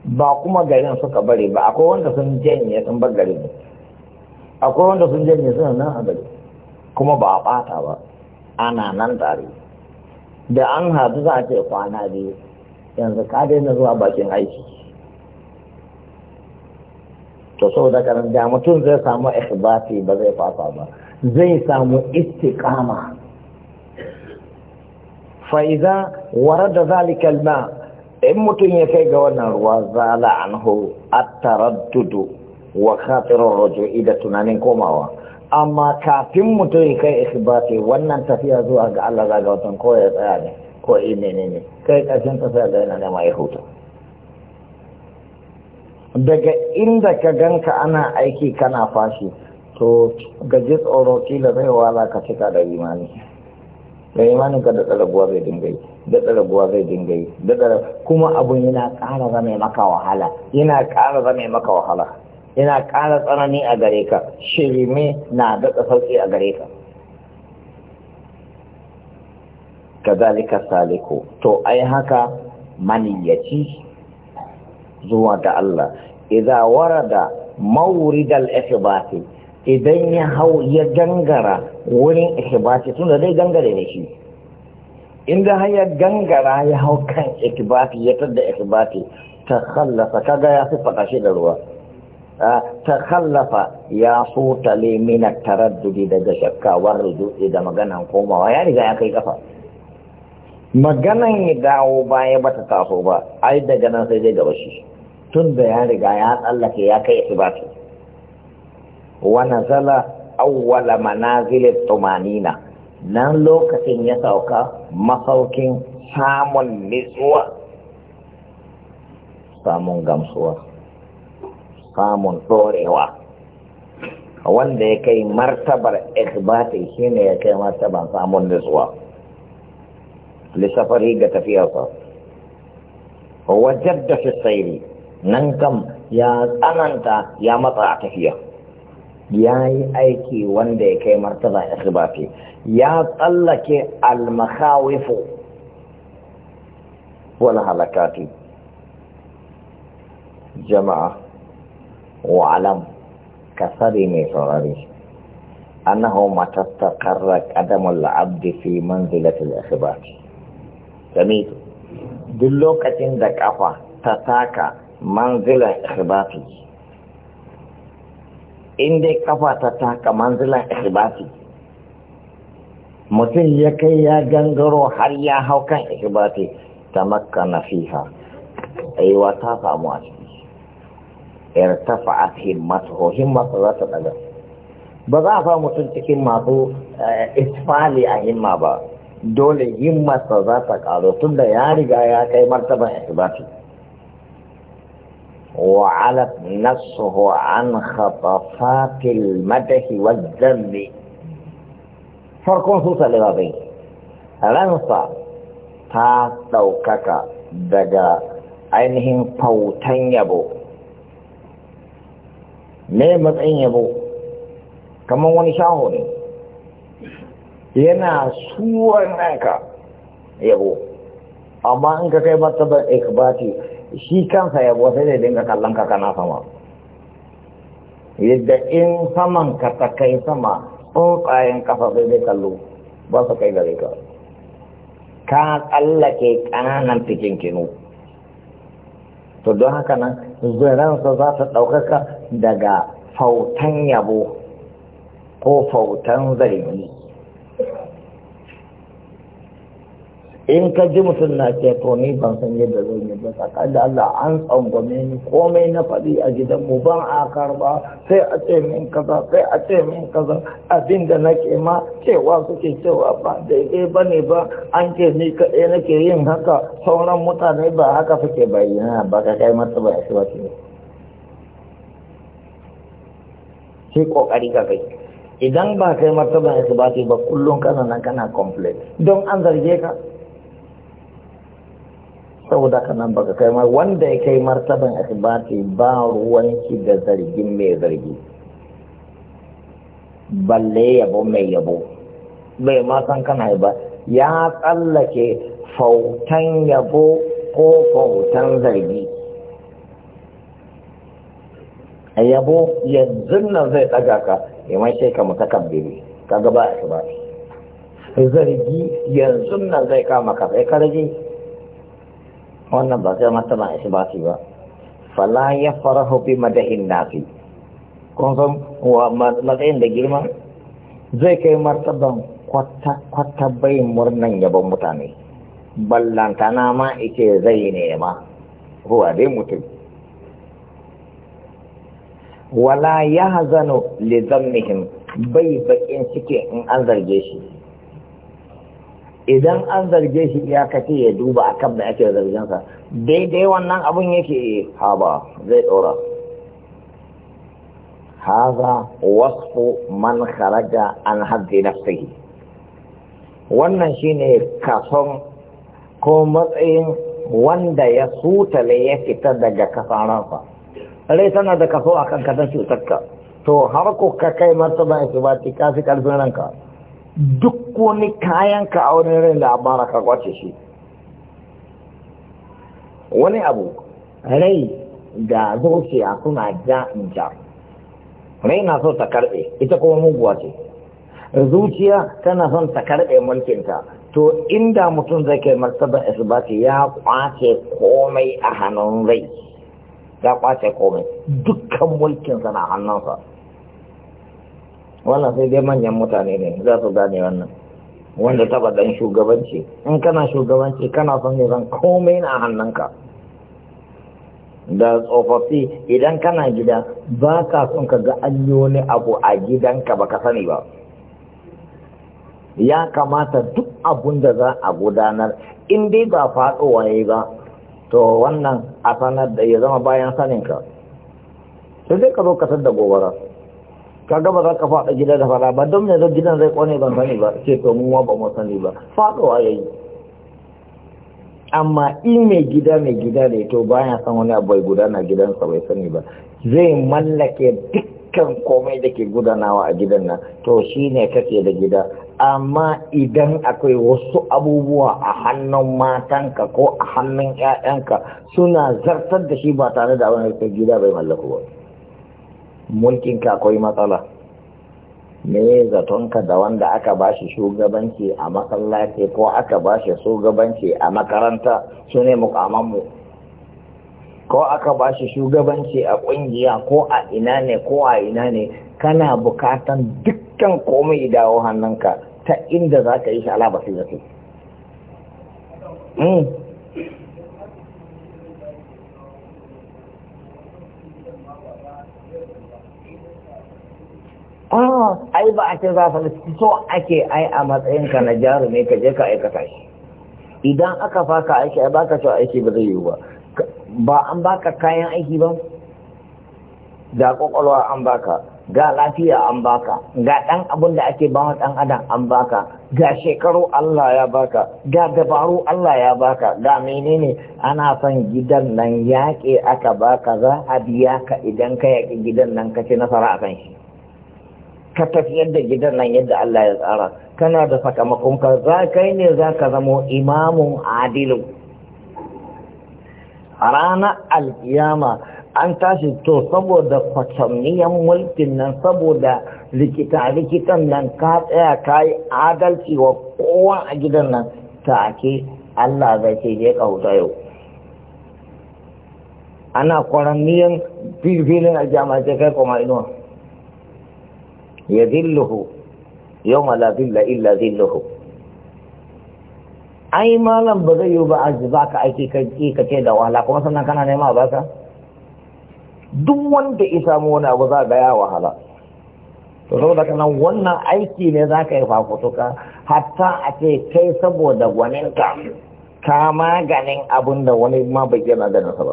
ba kuma garin suka bare ba akwai wanda sun janye sun bar garin akwai wanda sun janye suna nan a gari kuma ba a ɓata ba ana nan tare da an haɗu za a ce kwana biyu yanzu ka daina zuwa bakin aiki to saboda karanta mutum zai samu ikhbati ba zai fasa ba zai samu istiqama fa'iza warada zalikal ma in mutum ya kai ga wannan ruwa zala anhu at wa khatirur ruju'i da tunanin komawa amma kafin mutum ya kai isbati wannan tafiya zuwa ga Allah zaga watan ko ya tsaya ne ko ine ne ne kai karshen tafiya ga yana nema ya huta daga inda ka ganka ana aiki kana fashi to gaji tsoro kila zai wala ka cika da imani da imani ka da tsarabuwa zai dinga yi da tsarabuwa zai dinga yi da tsara kuma abun yana ƙara zama maka wahala yana ƙara zama maka wahala yana ƙara tsanani a gare ka shirme na daɗa sauƙi a gare ka kazalika saliku to ai haka maniyyaci zuwa ga Allah idza warada mawridal ihbati idan ya hau ya gangara wurin ikibati tunda zai gangare da shi inda har ya gangara ya hau kan ikibati ya tadda ikibati ta kallafa. kaga ya faɗa shi da ruwa ta kallafa ya ta lemina taraddudi daga shakkawar rujudi da maganan komawa ya riga ya kai kafa maganan ya dawo baya ba ta taso ba ai daga nan sai zai gaba shi tun da ya riga ya tsallake ya kai ikibati Wanazala nazala awwala manazilit tumanina nan lokacin ya sauka masaukin samun nitsuwa samun gamsuwa samun ɗorewa wanda ya kai martabar ikbati shine ya kai martabar samun nutsuwa lissafari ga tafiyarsa wajen da fi nan kam ya tsananta ya matsa a tafiya ya yi aiki wanda ya kai martaba ikhbati ya tsallake al Wani wal halakati jama'a wa alam kasari mai saurari annahu matattakarra qadamul abdi fi manzilatil ikhbati samitu duk lokacin da kafa ta taka manzilar ikhbati in dai kafa ta taka manzilan ihbati mutum ya kai ya gangaro har ya hau kan ihbati ta makka na fiha aiwa ta samu a ciki irtafa a himmatu himmatu za ta daga ba za a fa mutum cikin masu eh, isfali a himma ba dole himmarsa za ta karo tunda ya riga ya kai martaban ihbati وعلت نفسه عن خطفات المدح والذنب فرقون سوسة لغاية لنصى تا توقك دقا أينهم فوتن يبو نعمت إن يبو كما هو نشاهوني ينا سوى انك يبو أما انك كيف تبقى إخباتي shi kansa yabo sai zai dinga kallon ka kana sama yadda in saman ka ta kai sama tsuntsayen kafa sai zai kallo ba su kai gare ka ka tsallake ƙananan cikin kinu to don haka nan zuransa za ta ɗaukaka daga fautan yabo ko fautan zargi in ka ji mutum na ce to ni ban san yadda zan yi ba sakar da Allah an tsangwame ni komai na faɗi a gidan mu ban a karba sai a ce min kaza sai a ce min kaza abin da nake ma cewa suke cewa ba daidai ba ne ba an ce ni kaɗai nake yin haka sauran mutane ba haka suke bayyana ba ka kai masa ba shi ba sai kokari ka kai idan ba kai martaba ya ba kullum kana nan kana complete don an zarge ka saboda ka nan baka kai ma wanda ya kai martaban isbati ba ruwanki da zargin mai zargi balle yabo mai yabo bai ma san kana ba ya tsallake fautan yabo ko fautan zargi a yabo yanzu nan zai ɗaga ka yaman sai ka mutakabbiri ka gaba a zargi yanzu nan zai kama ka sai ka rage wannan ba zai mata a isi ba ba fala ya farahu bi madahin nafi kun san matsayin da girma zai kai martaban kwata-kwata murnan yabon mutane ballantana ma ike zai nema ruwa dai mutum wala ya hazano li zammihim bai bakin ciki in an zarge shi idan an zarge shi iyakaci ya duba a kan da ake zargensa daidai wannan abun yake eh, ba zai ɗora haza wasfu man kharaja an haddi nafsihi wannan shine kason ko matsayin wanda ya sutale ya fita daga kasaransa rai tana da kaso akan kadan cutarka to har ko ka kai martaba ba ka fi karfin ranka duk wani kayan ka a wani rai labara ka kwace shi wani abu rai da zuciya suna ja in rai na so ta karbe ita kuma muguwa ce zuciya tana son ta karbe mulkinta to inda mutum zai kai martaba isbati ya kwace komai a hannun rai ya kwace komai dukkan mulkinsa na hannunsa wannan sai dai manyan mutane ne za su gane wannan wanda taba dan shugabanci in kana shugabanci kana son ne zan komai na hannunka da tsofaffi idan kana gida ba ka son ka ga an yi wani abu a gidanka ba ka sani ba ya kamata duk abun da za a gudanar in dai ba faɗo waye ba to wannan a sanar da ya zama bayan saninka sai dai ka zo ka da gobara kaga ba za ka faɗa gida da fara ba don yanzu gidan zai kone ban sani ba ce to mu ba mu sani ba faɗo a yayi amma in mai gida mai gida da ito baya san wani abu bai gudana gidansa bai sani ba zai mallake dukkan komai da ke gudanawa a gidan nan to shi ne kake da gida amma idan akwai wasu abubuwa a hannun matanka ko a hannun 'ya'yanka suna zartar da shi ba tare da wani gida bai mallaku ba mulkinka akwai matsala me zatonka da wanda aka bashi shugabanci a masallaci ko aka bashi shugabanci a makaranta su ne mukamanmu ko aka bashi shugabanci a kungiya ko a ina ne ko a ina ne kana bukatan dukkan komai dawo hannunka ta inda za ka yi shi ala basirati Ah, ai ba a ce za su so ake ai a matsayin ka na jarumi ka je ka aikata shi idan aka faka aiki ai baka cewa aiki ba zai yiwu ba ba an baka kayan aiki ba ga kwakwalwa an baka ga lafiya an baka ga ɗan abun da ake bawa ɗan adam an baka ga shekaru Allah ya baka ga dabaru Allah ya baka ga menene ana son gidan nan yaƙe aka baka za a biya ka idan ka yaƙi gidan nan ka ci nasara a kan shi ka tafiyar da gidan nan yadda Allah ya tsara kana da sakamakon ka za kai ne za ka zamo imamun adilu a ranar alkiyama an tashi to saboda kwatanniyan mulkin nan saboda likita-likitan nan ka tsaya ka yi adalci wa kowa a gidan nan take Allah zai ce je kauta yau ana kwaranniyan filfilin aljama ce kai kuma inuwa yadhilluhu yawma la dhilla illa dhilluhu ai malam ba zai yi ba a ba ka aiki ka ce da wahala kuma sannan kana nema ba ka duk wanda ya samu wani abu za ga ya wahala to saboda kana wannan aiki ne za ka yi fafutuka hatta a ce kai saboda gwaninka ka maganin abin da wani ma bai yana da nasa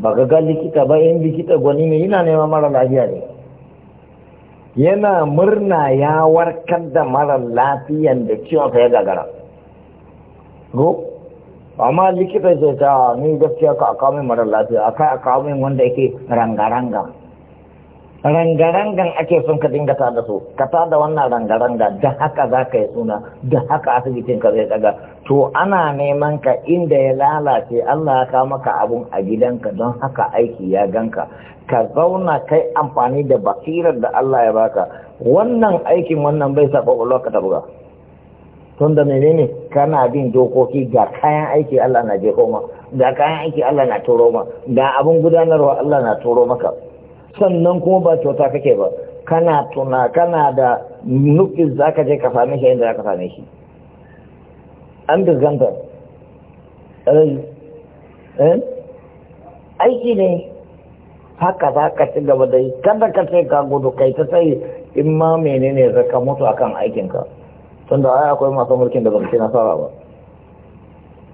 ba ba ga likita ba yin likita gwani ne yana nema mara lafiya ne yana murna ya warkar da marar lafiyan da ciwon ya gagara go amma likita ce ta ni gaskiya ka a kawo marar lafiya a kai a wanda yake ranga-ranga rangarangan ake son ka dinga da su ka da wannan rangaranga da haka za ka yi suna da haka asibitin ka zai daga to ana neman ka inda ya lalace Allah ya kawo maka abun a gidanka don haka aiki ya ganka ka zauna kai amfani da basirar da Allah ya baka wannan aikin wannan bai sa kwakwalwa ka tabuga tun da menene kana bin dokoki ga kayan aiki Allah na je koma ga kayan aiki Allah na turo ma ga abun gudanarwa Allah na turo maka sannan kuma ba kyauta kake ba kana tuna kana da nufin za ka je ka same shi inda za ka same shi an eh, eh? aiki ne haka za ka ci gaba da yi kada ka ce ka gudu kai ta sai in ma menene zaka mutu akan aikinka tunda ai akwai masu mulkin da ba na nasara ba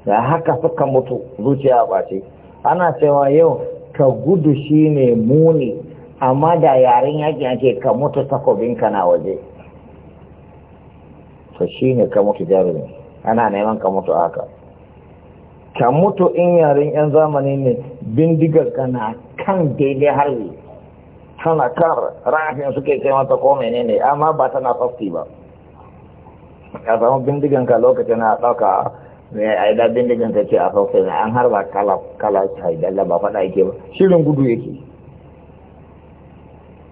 da haka suka mutu zuciya a ɓace ana cewa yau ka gudu shine muni amma da yaren yaƙi ake ka mutu ka na waje to shi ne ka mutu jarumi ana neman ka mutu haka ka mutu in yaren 'yan zamani ne bindigar ka na kan daidai harbi tana kan rafin suke kai mata ko ne amma ba tana fasti ba a samu bindigan ka lokacin na ɗauka yi aida bindigan ta ce a fafi an harba kala kala haidalla ba faɗa yake ba shirin gudu yake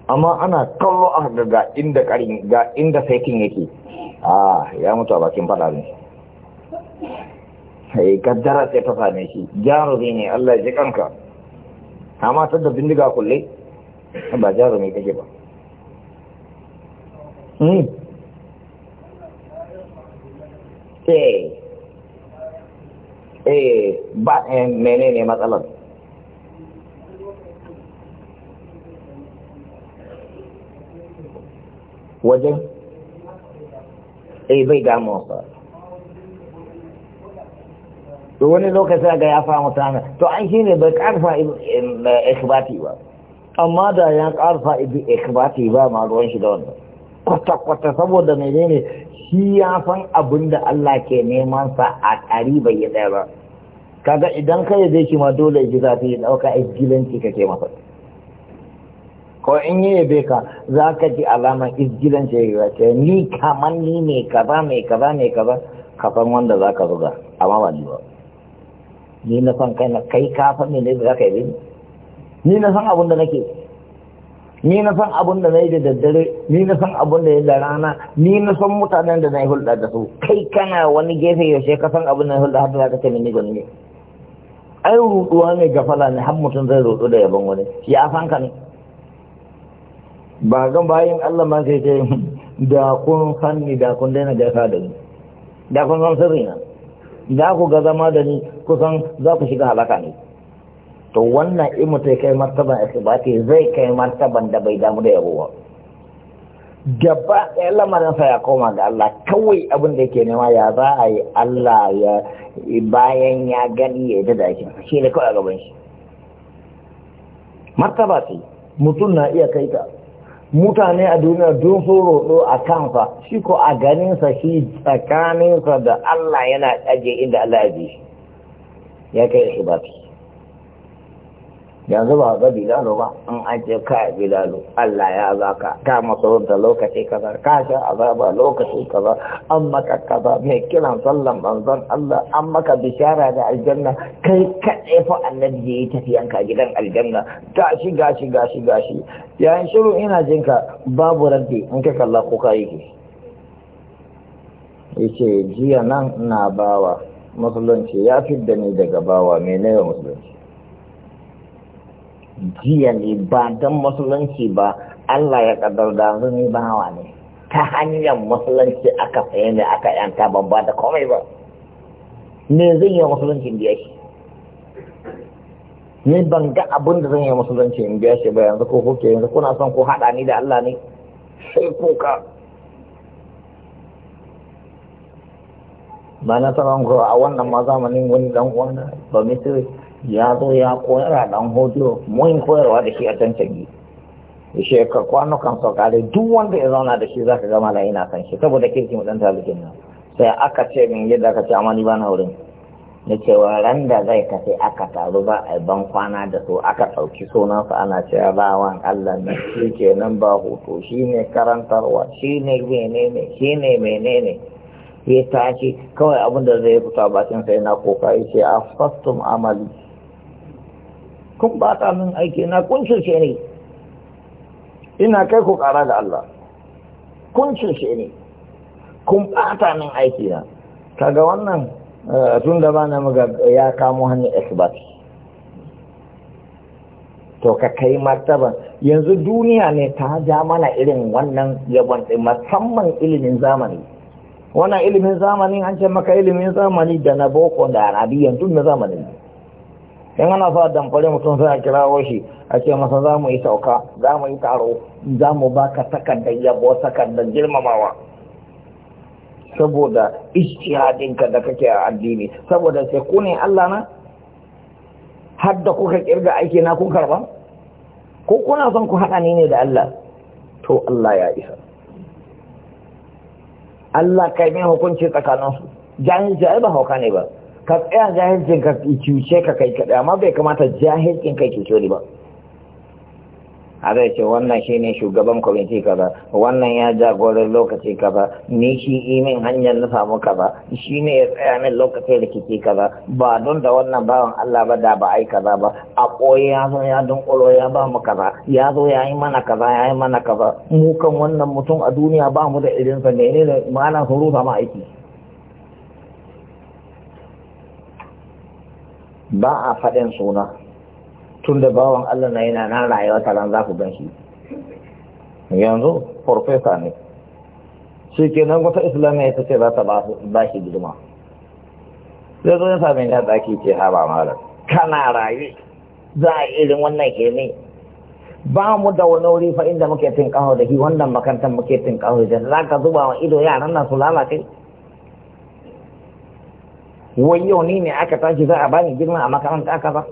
amma ana kallo a ga inda karin ga inda saitin yake a ya mutu a bakin fada ne sai kaddara sai ta same shi jarumi ne Allah ya ji kanka amma ta da bindiga kulle ba jarumi kake ba hmm eh eh ba eh, menene matsalar wajen eh bai damu ba to wani lokaci ga ya famu tana to an shi ne bai karfa ikhbati ba amma da ya karfa ikhbati ba ma ruwan shi da wannan kwata-kwata saboda ne shi ya san abin da Allah ke neman sa a ƙari bai yi ɗaya ba kaga idan kai zai shi ma dole ji zafi ya ɗauka a gilanci kake masa ko in yi yabe ka za ka ji alama izgilan ce ce ni kaman ni ne kaza mai kaza mai kaza kafan wanda za ka zuga amma ba ni ba ni na san kai na kai kafan ne za ka yi ni na san abin da nake ni na san abin da na yi da daddare ni na san abin da ya da rana ni na san mutanen da na yi hulɗa da su kai kana wani gefe yaushe ka san abin da na hulɗa har da ka ce mini gani ne ai ruɗuwa ne gafala ne har mutum zai ruɗu da yabon wani ya san ka ne ba gan bayan Allah ma sai ce da kun hanni da kun daina gaisa da ni da kun san sirri na da ku ga zama da ni kusan za ku shiga halaka ne to wannan in mutai kai martaban isbati zai kai martaban da bai damu da yabo ba gaba ɗaya sa ya koma ga Allah kawai abin da yake nema ya za a yi Allah ya bayan ya gani ya da dake shi ne kawai gaban shi martaba ce mutum na iya kai ta mutane a duniya don so roɗo a kansa shi ko a ganinsa shi tsakaninsa da Allah yana ɗaje inda Allah ya ji ya kai su yanzu ba ga bilalo ba in an ce ka bilalo Allah ya zaka ka masarauta lokaci kaza ka sha azaba lokaci kaza an maka kaza mai kiran sallan manzon Allah an maka bishara da aljanna kai kaɗai fa annabi ya yi tafiyan ka gidan aljanna shi gashi gashi gashi yayin shiru ina jin ka babu rabbi in ka kalla ko ka yake yace jiya nan ina bawa musulunci ya fidda ni daga bawa menene musulunci jiya ne ba don musulunci ba Allah ya kaddar da zuni bawa ne ta hanyar musulunci aka fahimta, ne aka yanta ban ba da komai ba me zai yi musulunci biya shi ni ban ga abin da zan yi musulunci in biya shi ba yanzu ko kuke yanzu kuna son ko haɗa ni da Allah ne sai kuka ba na taron a wannan ma zamanin wani dan uwan ba mai ya zo ya koyar a dan mun koyarwa da shi a can canji shi ka kwano kan saukare duk wanda ya zauna da shi zaka ga da ina san shi saboda kirki mu dan talibin nan sai aka ce min yadda aka ce amani bana wurin na cewa ran da zai sai aka taru ba a ban kwana da su aka ɗauki sunansa ana cewa wan Allah ne shi ke nan ba hoto shi ne karantarwa shi ne menene shi ne menene ya tashi kawai abin da zai fita bakin sai na koka ya ce a fastum amali kun bata min aiki na kun cuce ne ina kai ku kara da Allah kun cuce ne kun bata min aiki na kaga wannan eh, tun da bana muga ya kamo hannun isbat to ka kai martaba yanzu duniya ne ta ja mana irin wannan yabon ɗin musamman ilimin zamani wannan ilimin zamani an ce maka ilimin zamani da na boko da arabiyan tun na ne in ana sa a damfare mutum sai a kirawo shi a ce masa za mu yi sauka za mu yi taro za mu ba ka takardar yabo takardar girmamawa saboda ishtihadinka da kake a addini saboda sai ku ne Allah na har da kuka kirga aiki na kun karba ko kuna son ku haɗa ni ne da Allah to Allah ya isa Allah kai mai hukunci tsakaninsu jahilci ai ba hauka ne ba ka tsaya jahilcin ka cuce ka kai kaɗai amma bai kamata jahilcin kai cuce ne ba a zai ce wannan shi ne shugaban kwamiti kaza wannan ya jagorar lokaci kaza ni shi imin hanyar na samu kaza shi ne ya tsaya min lokacin rikici kaza ba don da wannan bawan Allah ba da ba ai kaza ba a koyi ya zo ya dunkulo ya ba mu kaza ya zo ya yi mana kaza ya yi mana kaza mu kan wannan mutum a duniya ba mu da irinsa ne ne malam sun rusa ma aiki ba a faɗin suna tun da bawan Allah na yana nan rayuwa taron za ku gan shi yanzu farfesa ne shi ke nan wata islamiyya ya ce za ta ba shi girma sai zo yin sami ya tsaki ce ha ba mara kana rayu za a irin wannan ke ne ba mu da wani wuri fa inda muke tinkaho da shi wannan makantar muke tinkaho da za ka zuba wa ido yaran nan su lalace wai yau ni ne aka tashi za a bani girma a makaranta aka ba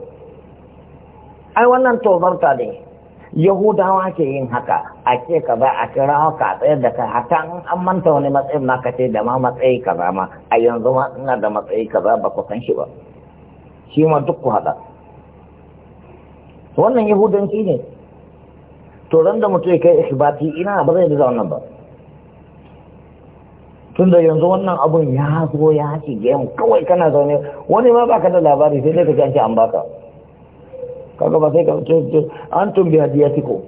ai wannan tozarta ne yahudawa ke yin haka a ce ka ba a kira ka tsayar da kai hata in an manta wani matsayin ma ka ce da ma matsayi kaza ma a yanzu ma ina da matsayi kaza ba ku san shi ba shi ma duk ku haɗa wannan yahudanci ne to ran da mutum ya kai isbati ina ba zai da wannan ba tunda yanzu wannan abun ya zo ya shige mu kawai kana zaune wani ma baka da labari sai dai ka ganci an baka kaga ba sai ka ce an tumbi tiko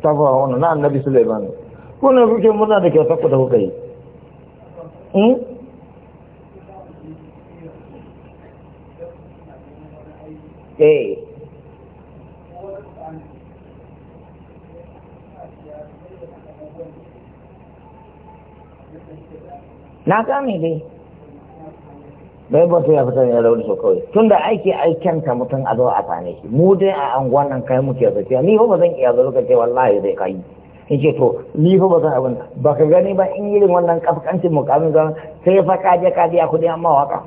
ta fa wannan na annabi suleiman kuna kuke muna da kyautar ku da kuka yi hmm? eh na kame dai bai ba ya fitar ya rauni su kawai tun da aiki aiken ta mutum a zuwa a same shi mu dai a anguwan nan kai muke zace ni ba zan iya zuwa kace wallahi zai kai ce to ni ko ba zan abin ba ka gani ba in irin wannan kafkancin mukamin zan sai fa ka je ka biya kuɗi amma waka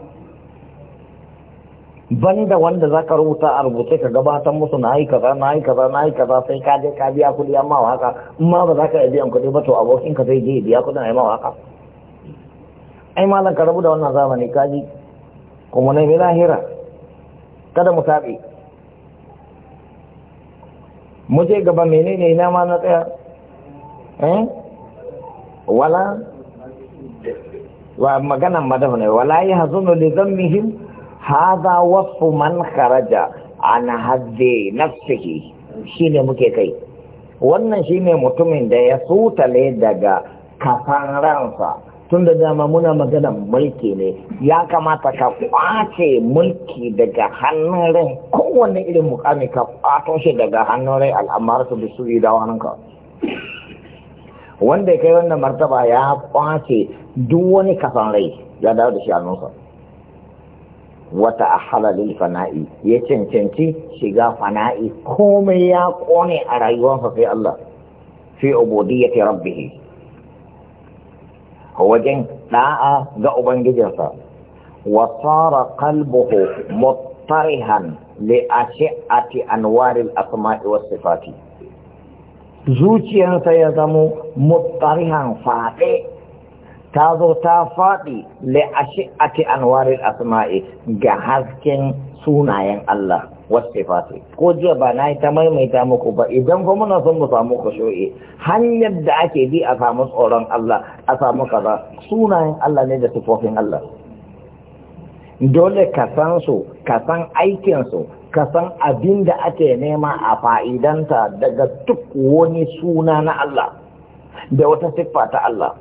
banda wanda za ka rubuta a rubuce ka gabatar musu na yi kaza na yi kaza na yi kaza sai ka je ka biya kuɗi amma waka in ma ba za ka iya biyan kuɗi ba to abokin ka zai je biya kuɗin a yi waka ai malam ka rabu da wannan zamani kaji kuma na lahira kada mu taɓe mu je gaba menene ina ma na tsaya eh wala wa ma madafa ne wala ya hazunu li zammihim hada wasu man kharaja an haddi nafsihi shine muke kai wannan shine mutumin da ya sutale daga kafan ransa tun da dama muna magana mulki ne ya kamata ka kwace mulki daga hannun rai kowane irin mukami ka kwato shi daga hannun rai al'amarsu da su da ka. wanda kai wanda martaba ya kwace duk wani kafan rai ya dawo da shi hannunsa wata a halalin fana'i ya cancanci shiga fana'i komai ya kone a rayuwar sai Allah fi ubudiyyati rabbihi wajen ɗa'a ga ubangijinsa wa sara qalbuhu muttarihan li ashi'ati anwaril asma'i was sifati zuciyarsa ya zamo mutarihan faɗe ta zo ta faɗi li ashi'ati anwaril asma'i ga hasken sunayen Allah wasifati ko jiya ba na yi ta maimaita muku ba idan kuma muna son mu samu khushu'i hanyar da ake bi a samu tsoron Allah a samu kaza sunayen Allah ne da sifofin Allah dole ka san su ka san aikin su ka san abin da ake nema a fa'idanta daga duk wani suna na Allah da wata siffa ta Allah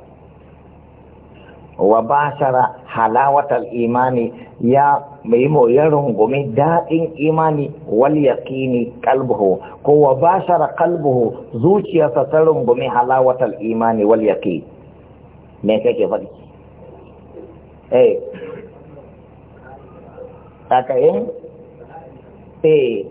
wa bashara halawatal imani ya Mai yi moyar rungume daɗin imani wal yaƙini kalbuhu ko wa bashara kalbuhu zuciyarsa ta rungume halawatar imani wal yaƙi me kake faɗi eh haka yin eh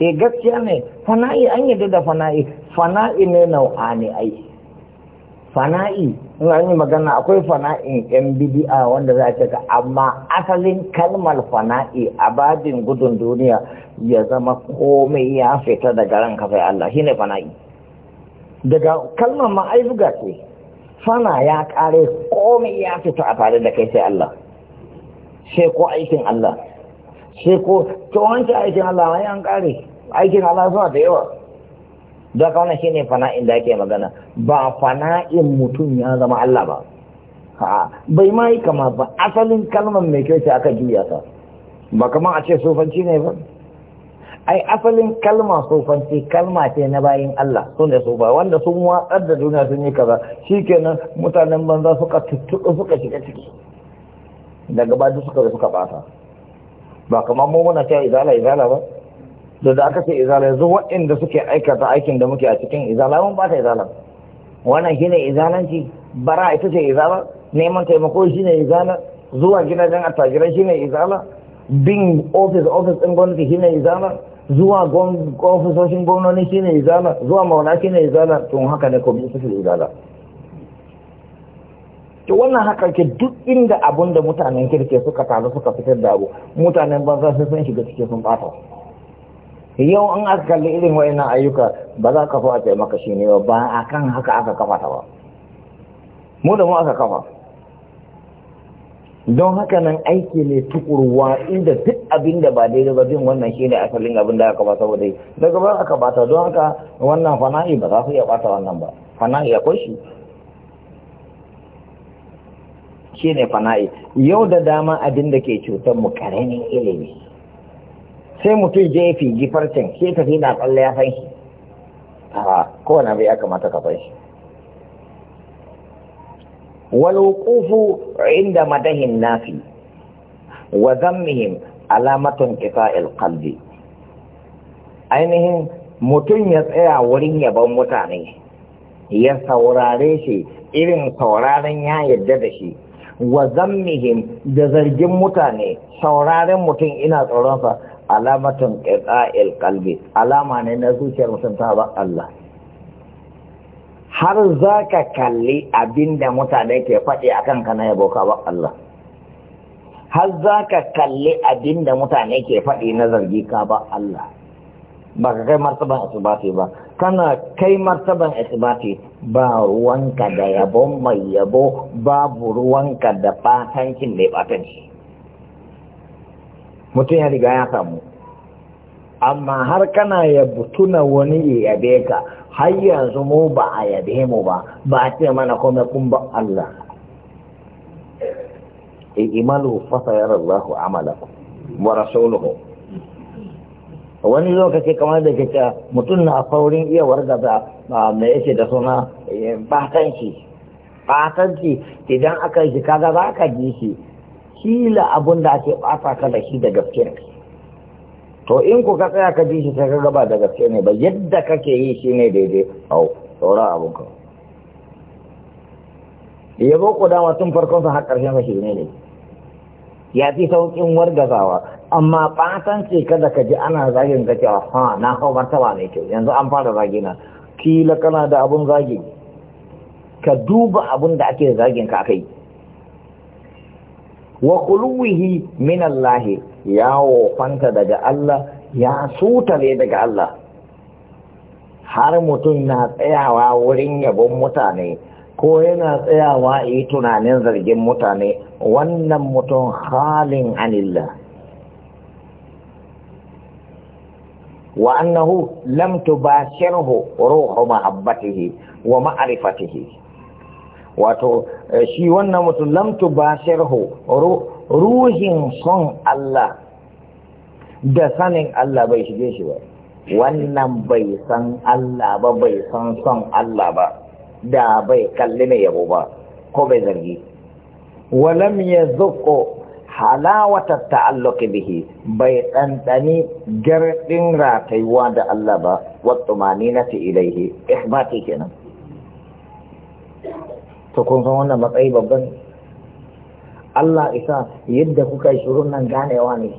eh gaskiya ne fana'i an yadda da fana'i fana'i ne nau'a ne ai fana'i in an yi magana akwai fana'in yan bidi'a wanda za a ce amma asalin kalmar fana'i a babin gudun duniya ya zama komai ya fita daga ran kafai Allah shine fana'i daga kalmar ma ai buga ce fana ya kare komai ya fita a tare da kai sai Allah sai ko aikin Allah sai ko to wancan aikin Allah wani an kare aikin Allah suna da yawa ka wani shi ne fana'in da ake magana ba fana'in mutum ya zama Allah ba bai ma yi kama ba asalin kalmar mai kyau ce aka juya ta ba kama a ce sofanci ne ba ai asalin kalma sofanci kalma ce na bayin Allah sun da sofa wanda sun watsar da duniya sun yi kaza kenan mutanen banza suka tuttuɗu suka shiga ciki daga ba suka suka bata ba kamar mu muna cewa izala izala ba da da aka ce izala yanzu waɗanda suke aikata aikin da muke a cikin izala mun ba ta izala wannan shine izalanci bara ita ce izala neman taimako shine izala zuwa gidajen attajirai shine izala bin ofis ofis ɗin gwamnati shine izala zuwa ofisoshin gwamnoni shine izala zuwa maula shine izala tun haka ne kuma suke izala to wannan haka ke duk inda abun da mutanen kirke suka taru suka fitar da abu mutanen banza sai sun shiga cikin sun bata yau an aka kalli irin wayannan ayyuka ba za ka fa a maka shi ne ba a kan haka aka kafa ta ba mu da mu aka kafa don haka nan aiki ne tukurwa inda duk abin da ba daidai ba bin wannan shi ne asalin abin da aka bata saboda daga ba aka bata don haka wannan fana'i ba za su iya bata wannan ba fana'i akwai shi shi ne fana'i yau da dama abin da ke cutar mu karamin ilimi sai mutum je ya fiji farcen sai tafi na tsalle ya san shi a kowane bai ya kamata ka san shi kufu inda madahin nafi wa mihim alamatun kisa'il qalbi ainihin mutum ya tsaya wurin yaban mutane ya saurare shi irin sauraren ya yadda da shi wa mihim da zargin mutane sauraren mutum ina tsoronsa alamatun ƙaƙa'il ƙalbi alama ne na zuciyar mutum ta ba Allah har za ka kalli abinda mutane ke faɗi a kanka na yabo ka ba Allah har za ka kalli abinda mutane ke faɗi na zargi ka ba Allah ba ka kai martaban isbati ba kana kai martaban isbati ba ruwanka da yabo mai yabo babu ruwanka da fatancin mai fatanci mutum ya riga ya samu amma har kana ya butuna wani ya yabe ka har yanzu mu ba a yabe mu ba ba a ce mana kome kun ba Allah e, imalu fasayar Allah amalaku wa rasuluhu wani lokaci kamar da ke ta mutum na faurin iya wargaza mai yake da suna e, batanci batanci idan aka yi kaga za ka ji shi kila abun da ake ɓata ka da shi da gaske ne to in ku ka tsaya ka ji shi ka ka gaba da gaske ne ba yadda kake yi shi ne daidai au sauran abun ka ya zo ku dama tun farkon sa har karshen shi ne ne ya fi sauƙin wargazawa amma fatan ce kada ka ji ana zagin ka cewa ha na hau martaba mai kyau yanzu an fara zagina kila kana da abun zagi ka duba abun da ake zagin ka akai wa quluwihi min Allah ya wofanta daga Allah ya sutare daga Allah har mutum na tsayawa wurin yabon mutane ko yana tsayawa yi tunanin zargin mutane wannan mutum halin anillah wa annahu lam tubashirhu ruhu mahabbatihi wa ma'rifatihi wato shi wannan mutum lamtu ba ruhin son Allah da sanin Allah bai shige shi ba wannan bai san Allah ba bai san son Allah ba da bai kalli mai yabo ba ko bai zargi walam ya zuko halawatar ta'alluki bihi bai ɗanɗani garɗin ratayuwa da Allah ba wattumani na ilaihi ihbati kenan to kun san wannan matsayi babban Allah isa yadda kuka yi shirun nan ganewa ne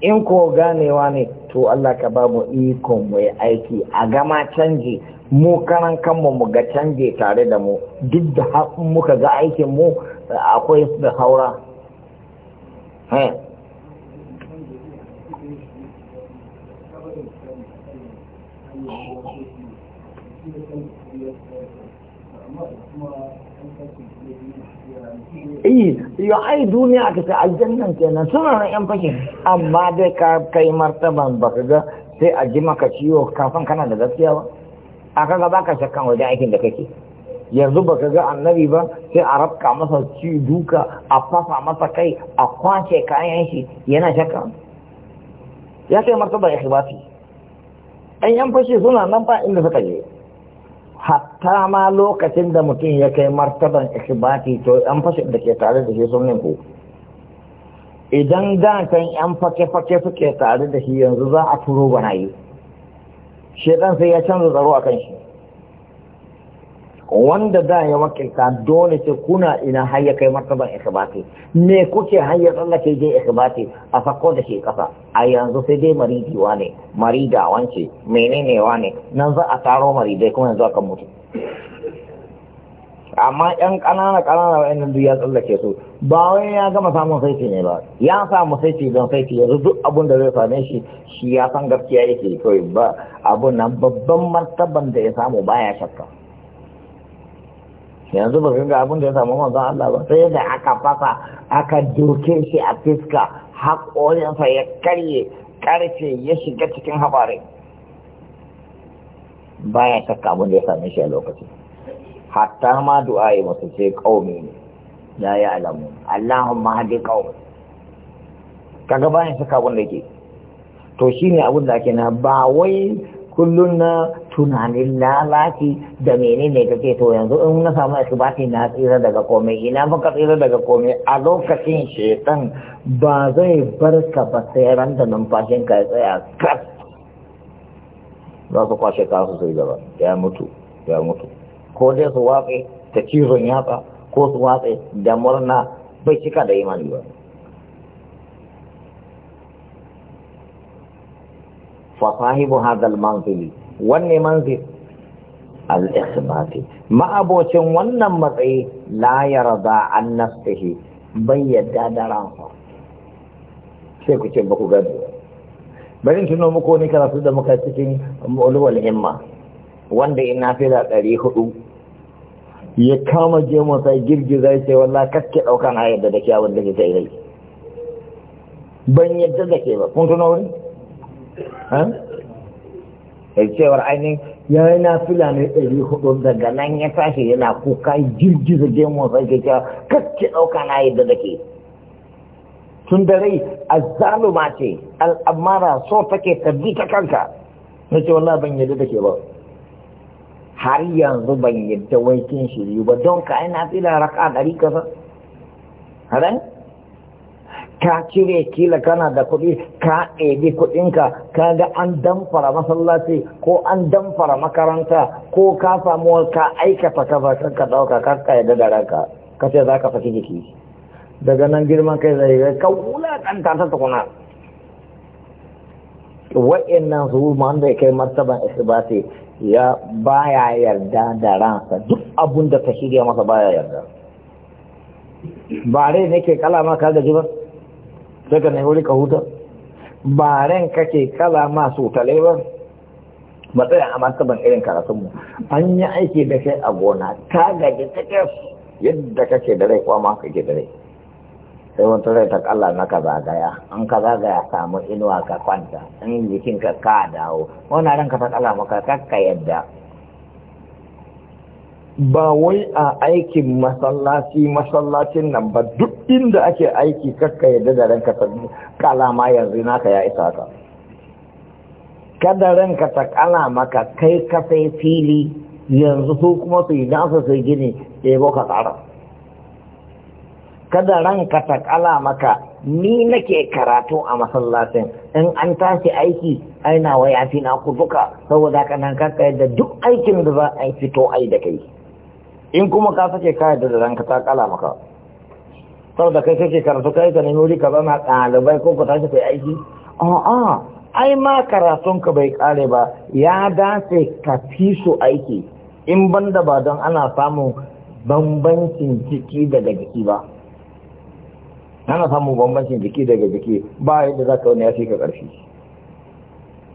in ko ganewa ne to Allah ka ba mu ikon mu yi aiki a gama canji mu karan kanmu mu ga canji tare da mu duk da muka ga aikin mu akwai da haura eh. eh ai duniya ka ta aljannan kenan suna nan yan fashin amma dai ka kai martaban baka ga sai a ji maka ciwo kafin kana da gaskiya ba a ba baka shakkan wajen aikin da kake yanzu baka ga annabi ba sai a rabka masa ci duka a fasa masa kai a kwace kayan shi yana shakka ya kai martaban su Ƴan yan fashe suna nan ba inda suka je hatta ma lokacin da mutum ya kai martaban Ishibati to an fashe da ke tare da shi sun ku idan da kan yan fake-fake suke tare da shi yanzu za a turo yi. shekan sai ya canza tsaro a kan shi wanda da ya wakilta dole ce kuna ina har ya kai martaban ikibati ne kuke har ya tsallake je ikibati a sako da ke kasa a yanzu sai dai maridiwa ne marida wance menene wane nan za a taro maridai kuma yanzu aka mutu amma yan kanana ƙanana wa duk ya tsallake su ba wai ya gama samun saiti ne ba ya samu saiti don saiti yanzu duk abun da zai same shi shi ya san gaskiya yake kawai ba abun nan babban martaban da ya samu baya shakka yanzu ba ga abin da ya samu manzon Allah ba sai da aka fasa aka doke shi a fiska haƙorinsa ya karye karfe ya shiga cikin Ba ya kakka abin da ya same shi a lokacin hatta ma du'a yi masu ce ƙaumi ne ya yi alamu ma haɗe ƙaumi kaga bayan shakka abin da ke to shi ne abin da ake na ba wai kullum na tunanin lalaci da menene kake to yanzu in na samu isbati na tsira daga komai ina baka tsira daga komai a lokacin shetan ba zai bar ka ba sai ran da numfashin ka ya tsaya kas za su kwashe ka su sai gaba ya mutu ya mutu ko dai su watsi ta cizon yatsa ko su watsi da murna bai cika da imani ba Fasahibu hadal manzili wanne manzil al-ikhbati ma'abocin wannan matsayi la yarda an nafsihi bai yadda da ransa sai ku ce ba ku gani bari in tuno muku ne karatu da muka cikin ulwal himma wanda ina fi da ɗari hudu ya kama jemo sai girgi zai ce walla kakke ɗauka na yadda da kyawun da ke sai irai ban yadda da ke ba kun tuno wani cewar ainihin ya yi na fila ne ɗari hudu daga nan ya tashi yana kuka girgiza gemun sarki cewa kacce ɗauka na yadda da ke tun da rai azzaluma ce al'amara so take ka bi ta kanka na ce wallah ban yadda da ke ba har yanzu ban yadda wai kin shiryu ba don ka ai na fila raka ɗari kasa haɗai ka cire kila kana da kuɗi ka ɗebi kuɗinka ka ga an damfara masallaci ko an damfara makaranta ko ka samu ka aikata ka fashin ka ɗauka ka kayyada da ranka ka ce za ka saki jiki daga nan girman kai zai ga ka wulaƙanta ta tukuna wa'annan su da kai martaban isbati ya baya yarda da ransa duk abunda ta shirya masa baya yarda ba rai nake kala maka da ba? daga ka wuri ka huta ba ran kake kala masu ba matsayin a martaban irin karatunmu an yi aiki da kai a gona ta gaji ta yadda kake da rai kwama kake da rai sai wata rai ta kalla na ka zagaya an ka zagaya samu inuwa ka kwanta in jikin ka ka dawo wani ran ka ta kalla maka kakka yadda ba wai a aikin masallaci masallacin nan ba duk inda ake aiki kakka yadda da ranka ta kalama yanzu naka ya isa ka kada ranka ta kalama ka kai ka fili yanzu su kuma su yi nasa su gini yi ka tsara kada ranka ta kalama ka ni nake karatu a masallacin in an tashi aiki aina waya fi na ku saboda kanan kakka yadda duk aikin da za a fito ai da kai in kuma ka sake ka da ranka ta kala maka saboda kai sake karatu kai ka nemi wuri ka zama ɗalibai ko ka tashi kai aiki a'a ai ma karatun ka bai kare ba ya dace ka fi su aiki in banda ba don ana samun bambancin jiki daga jiki ba ana samun bambancin jiki daga jiki ba yadda za ka wani ya fi ka ƙarfi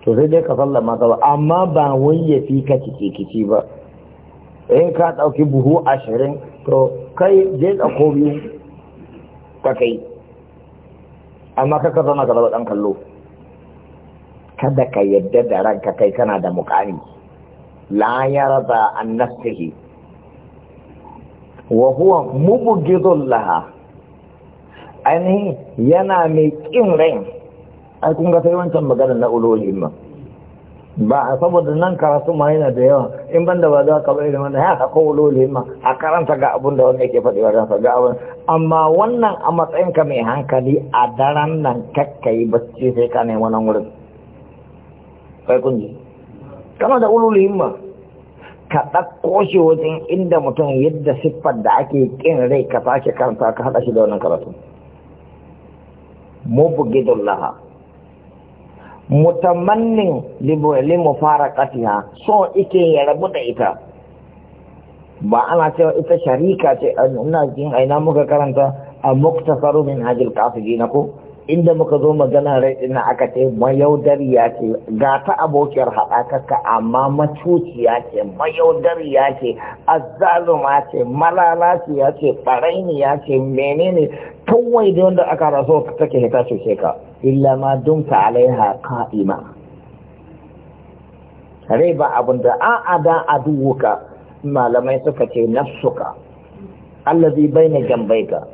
to sai dai ka sallama ka ba amma ba wai ya fi ka cike kici ba in ka ɗauki buhu ashirin to kai je ɗauko biyu ka kai amma kakar zauna ka zaba ɗan kallo kada ka yadda da ranka kai kana da mukami la da an nafsihi wa huwa laha ainihin yana mai ƙin rai ai kun ga sai wancan magana na ulul himma ba a saboda nan karatu ma yana da yawa in banda ba za ka bai da wannan ya sako lole ma a karanta ga abin da wanda yake faɗi wa ga abin amma wannan a matsayin ka mai hankali a daren nan kakkai bacci sai ka nemi wannan wurin Kai kun ji kana da ulul ma. ka ɗauko shi wajen inda mutum yadda siffar da ake ƙin rai ka sake karanta ka haɗa shi da wannan karatu mubgidullah mutamannin mu fara ƙasiya so ike ya rabu da ita ba ana cewa ita sharika ce a ina jin aina muka karanta a muktasaru min hajjil kafin ko inda muka zo magana rai ina aka ce mayaudariya ce ga ta abokiyar haɗakaka amma macuciya ce mayaudariya ce azzaluma ce malalaciya ce ɓarainiya ce menene Tun da wanda aka raso take hita cuce ka illa ma dumta alaiha ka'ima rai ba abin da an ada aduwuka malamai suka ce nafsuka allazi jambai ka.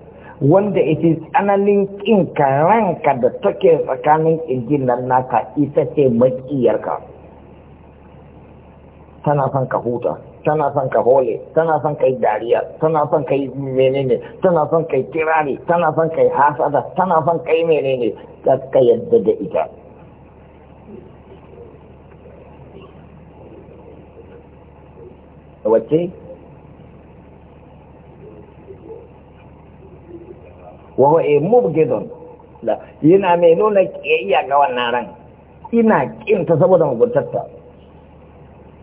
wanda ita tsananin ƙinka ranka da take tsakanin injin nan naka ita ce maƙiyarka tana son ka huta tana son ka hole tana son ka yi dariya tana son ka yi menene tana son ka yi tana son ka yi hasada tana son ka yi menene ka yadda da ita wacce wa huwa e mubghidun da yana mai nuna kiyayya ga wannan ran ina kinta saboda muguntarta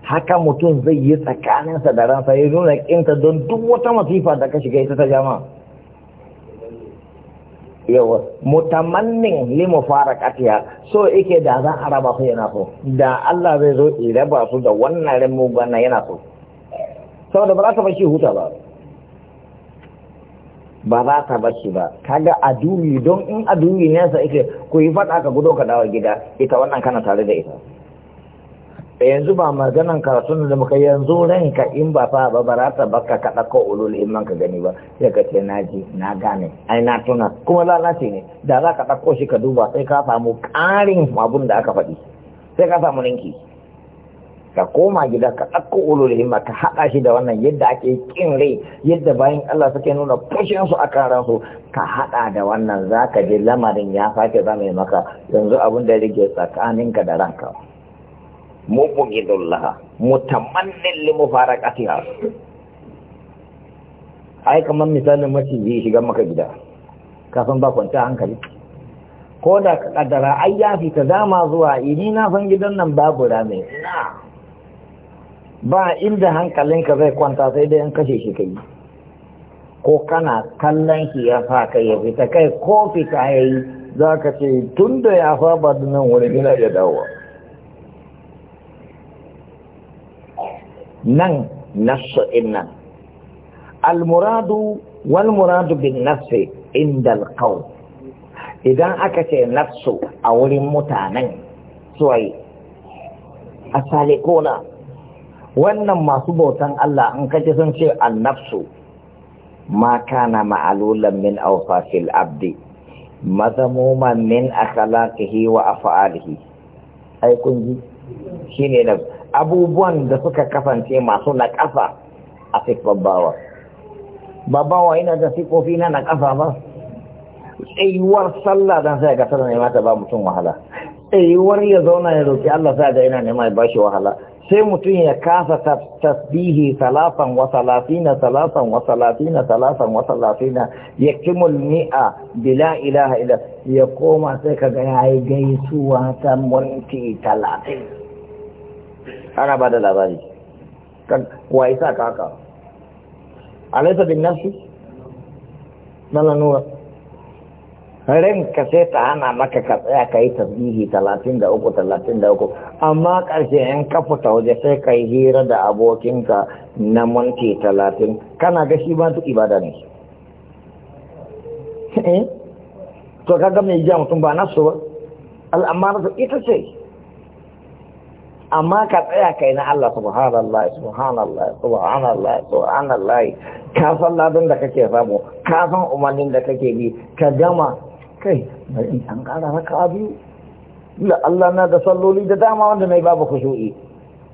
haka mutum zai yi tsakaninsa da ransa ya nuna kinta don duk wata masifa da ka shiga ita ta jama'a yawa mutamannin limu fara katiya so ike da za a raba yana so da Allah zai zo ira ba su da wannan rin mu yana so saboda ba za ta bashi huta ba ba za ta shi ba kaga a duni don in a duni ne sa ke ku yi faɗa ka gudo ka dawo gida ita wannan kana tare da ita yanzu ba maganan karatun da muka yanzu ranka in ba fa ba barata ba ka kada ko ulul imman ka gani ba sai ka ce na na gane ai na tuna kuma lalace ne da za ka dauko shi ka duba sai ka samu ƙarin abun da aka faɗi sai ka samu ninki ka koma gida ka ɗauko ulul himma ka haɗa shi da wannan yadda ake kin rai yadda bayan Allah suke nuna fushin su akan ransu ka haɗa da wannan zaka je lamarin ya sake zama maka yanzu abin da rige tsakaninka da ranka Mu mubghidullah mutamannin li mufaraqatiha ai kamar misalin maciji shiga maka gida kafin ba kwanta hankali ko da ka kaddara ai ya fita dama zuwa idina san gidan nan babu rame na ba inda hankalinka zai kwanta sai dai an kashe shi kai ko kana kallon shi ya sa kai ya fita kai ko fita ya yi za ka ce tun da ya saba da nan wani gina ya dawo nan nasu innan almuradu walmuradu muradu bin nasu inda idan aka ce nasu a wurin mutanen suwai asalikuna wannan masu bautan Allah an kace sun ce annafsu ma kana ma'alulan min awfasil abdi mazamuman min akhlaqihi wa af'alihi ai kun ji shine da abubuwan da suka kasance masu na kafa a sifar bawa babawa ina da sifofi na na kafa ba tsayuwar sallah don sai ga sallah ne mata ba mutum wahala tsayuwar ya zauna ya roki Allah sai ga yana ne ya bashi wahala sai mutum ya kasa tasbihi salafan wa salafina salafan wa salafina salafan wa salafina ya kimul mi'a bila ilaha ila ya koma sai kaga yayi gaisuwa ta munti talatin ana ba da labari wa isa kaka alaisa bin nafsi nala nuna. ka sai ta hana maka ka tsaya ka yi tasbihi talatin da uku talatin da uku amma ƙarshe in ka fita waje sai ka yi hira da abokinka na manke talatin kana ga shi ba duk ibada ne eh? to ka mai jiya mutum ba nasu ba al'amara ita ce amma ka tsaya yi na Allah subhanallah subhanallah subhanallah subhanallah ka san ladin da kake samu ka san umarnin da kake bi ka gama kai bari in an kara raka a biyu la Allah na da salloli da dama wanda mai babu kushu'i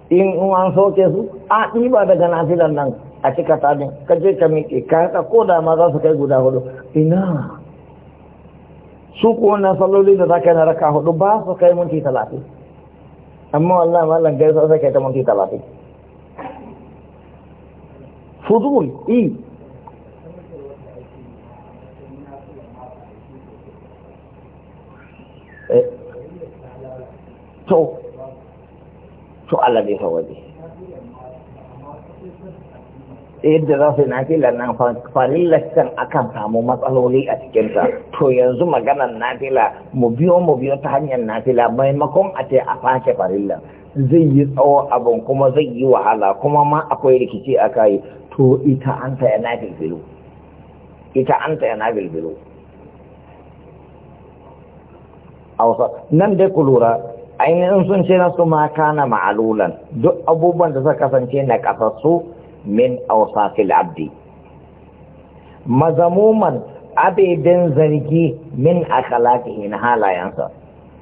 in an soke su a ba daga nafilan nan a cika tabin ka je ka miƙe ka haɗa ko da ma za su kai guda hudu ina su kuwa na salloli da za ka yi na raka hudu ba su kai minti talatin amma wallah malam gaisa sai kai ta minti talatin fuzul i to to Allah bai waje yadda za su yi nafilar nan farillar can akan samu matsaloli a cikinsa to yanzu maganar nafila mu biyo mu biyo ta hanyar nafila maimakon a ce a fashe farillar zai yi tsawo abin kuma zai yi wahala kuma ma akwai rikici a kayi to ita an ta yana bilbilu ita an ta yana bilbilu a wasa nan dai ku lura ainihin sun ce nasu maka na ma'alulan duk abubuwan da suka kasance na kasassu min ausafil abdi mazamuman abidin zargi min akhlaqihi na halayensa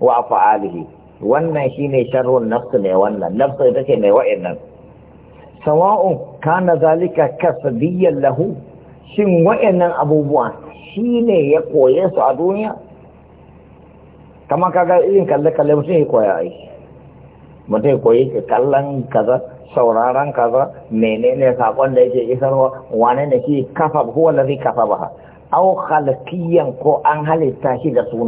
wa fa'alihi wannan shine sharrun nafsu ne wannan nafsu ita ce mai wa'annan sawa'un kana zalika kasbiyan lahu shin wa'annan abubuwa shine ya koye su a duniya kamar kaga irin kalle-kalle mutum ya koya ai mutum ya koyi kallon kaza sauraron kaza menene sakon da yake isarwa wane ne ke kafa ko wanda zai kafa ba au halittiyan ko an halitta shi da su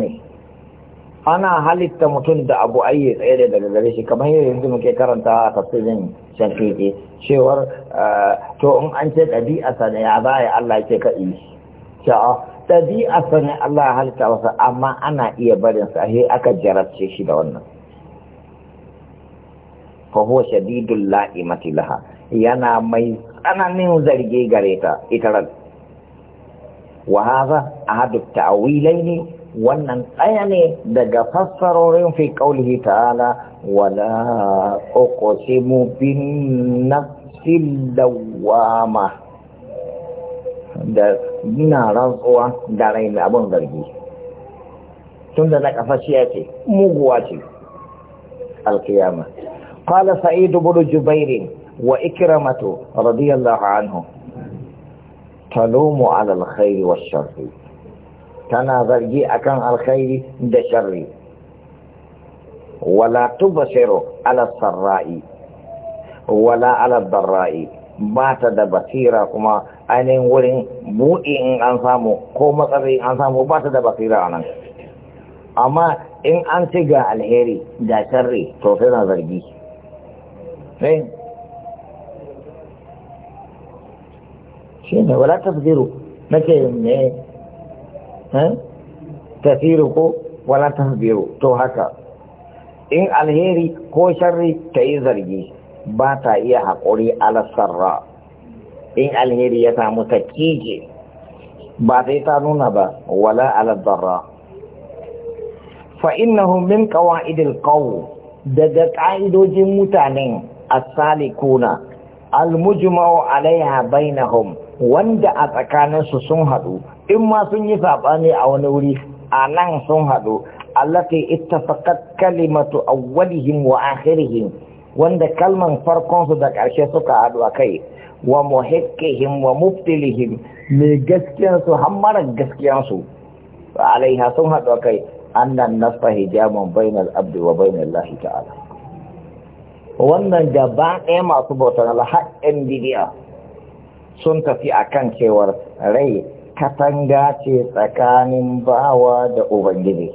ana halitta mutum da abu ayye tsaye da daga gare shi kamar yanzu muke karanta a tafsirin shankeke cewar eh, to in an ce ɗabi'a sana ya za a yi Allah ke kaɗi sha'a ɗabi'a sani Allah halitta wasa amma ana iya barin sa sai aka jarabce shi da wannan fa huwa shadidul la'imati laha yana mai tsananin zargi gare ta ita ran wa hadha ahadu ta'wilaini wannan tsaya ne daga fassarorin fi qaulihi ta'ala wala uqsimu bin nafsil lawwamah da ina rantsuwa da rai mai abin zargi tun da na shiya ce muguwa ce alkiyama qala sa'id ibn jubair wa ikramatu radiyallahu anhu talumu ala alkhairi wash tana zargi akan alkhairi da sharri wala tubsiru ala sarra'i wala ala darra'i ba ta da basira kuma ainihin wurin buɗi in an samu ko matsari an samu ba ta da basira nan amma in an ci ga alheri da sharri to sai na zargi eh? shi ne wala tafsiru ce ne tafsiru ko wala tafsiru to haka in alheri ko sharri ta yi zargi ba ta iya haƙuri alasarra in alheri ya samu ta kike ba sai ta nuna ba wala ala darra fa innahu min qawaidil qaw daga ka'idojin mutanen as-salikuna al-mujma'u alaiha bainahum wanda a tsakaninsu sun haɗu in ma sun yi saɓani a wani wuri a nan sun haɗu allati ittafaqat kalimatu awwalihim wa akhirihim wanda kalman farkonsu da ƙarshe suka haɗu a kai wa muhikkihim wa mubtilihim mai su har mara su? alaiha sun haɗu kai annan nasfa hijaman bainal abdi wa bainal lahi ta'ala wannan gaba ɗaya masu bautar alhaɗin bidiya sun tafi akan cewar rai katanga ce tsakanin bawa da ubangiji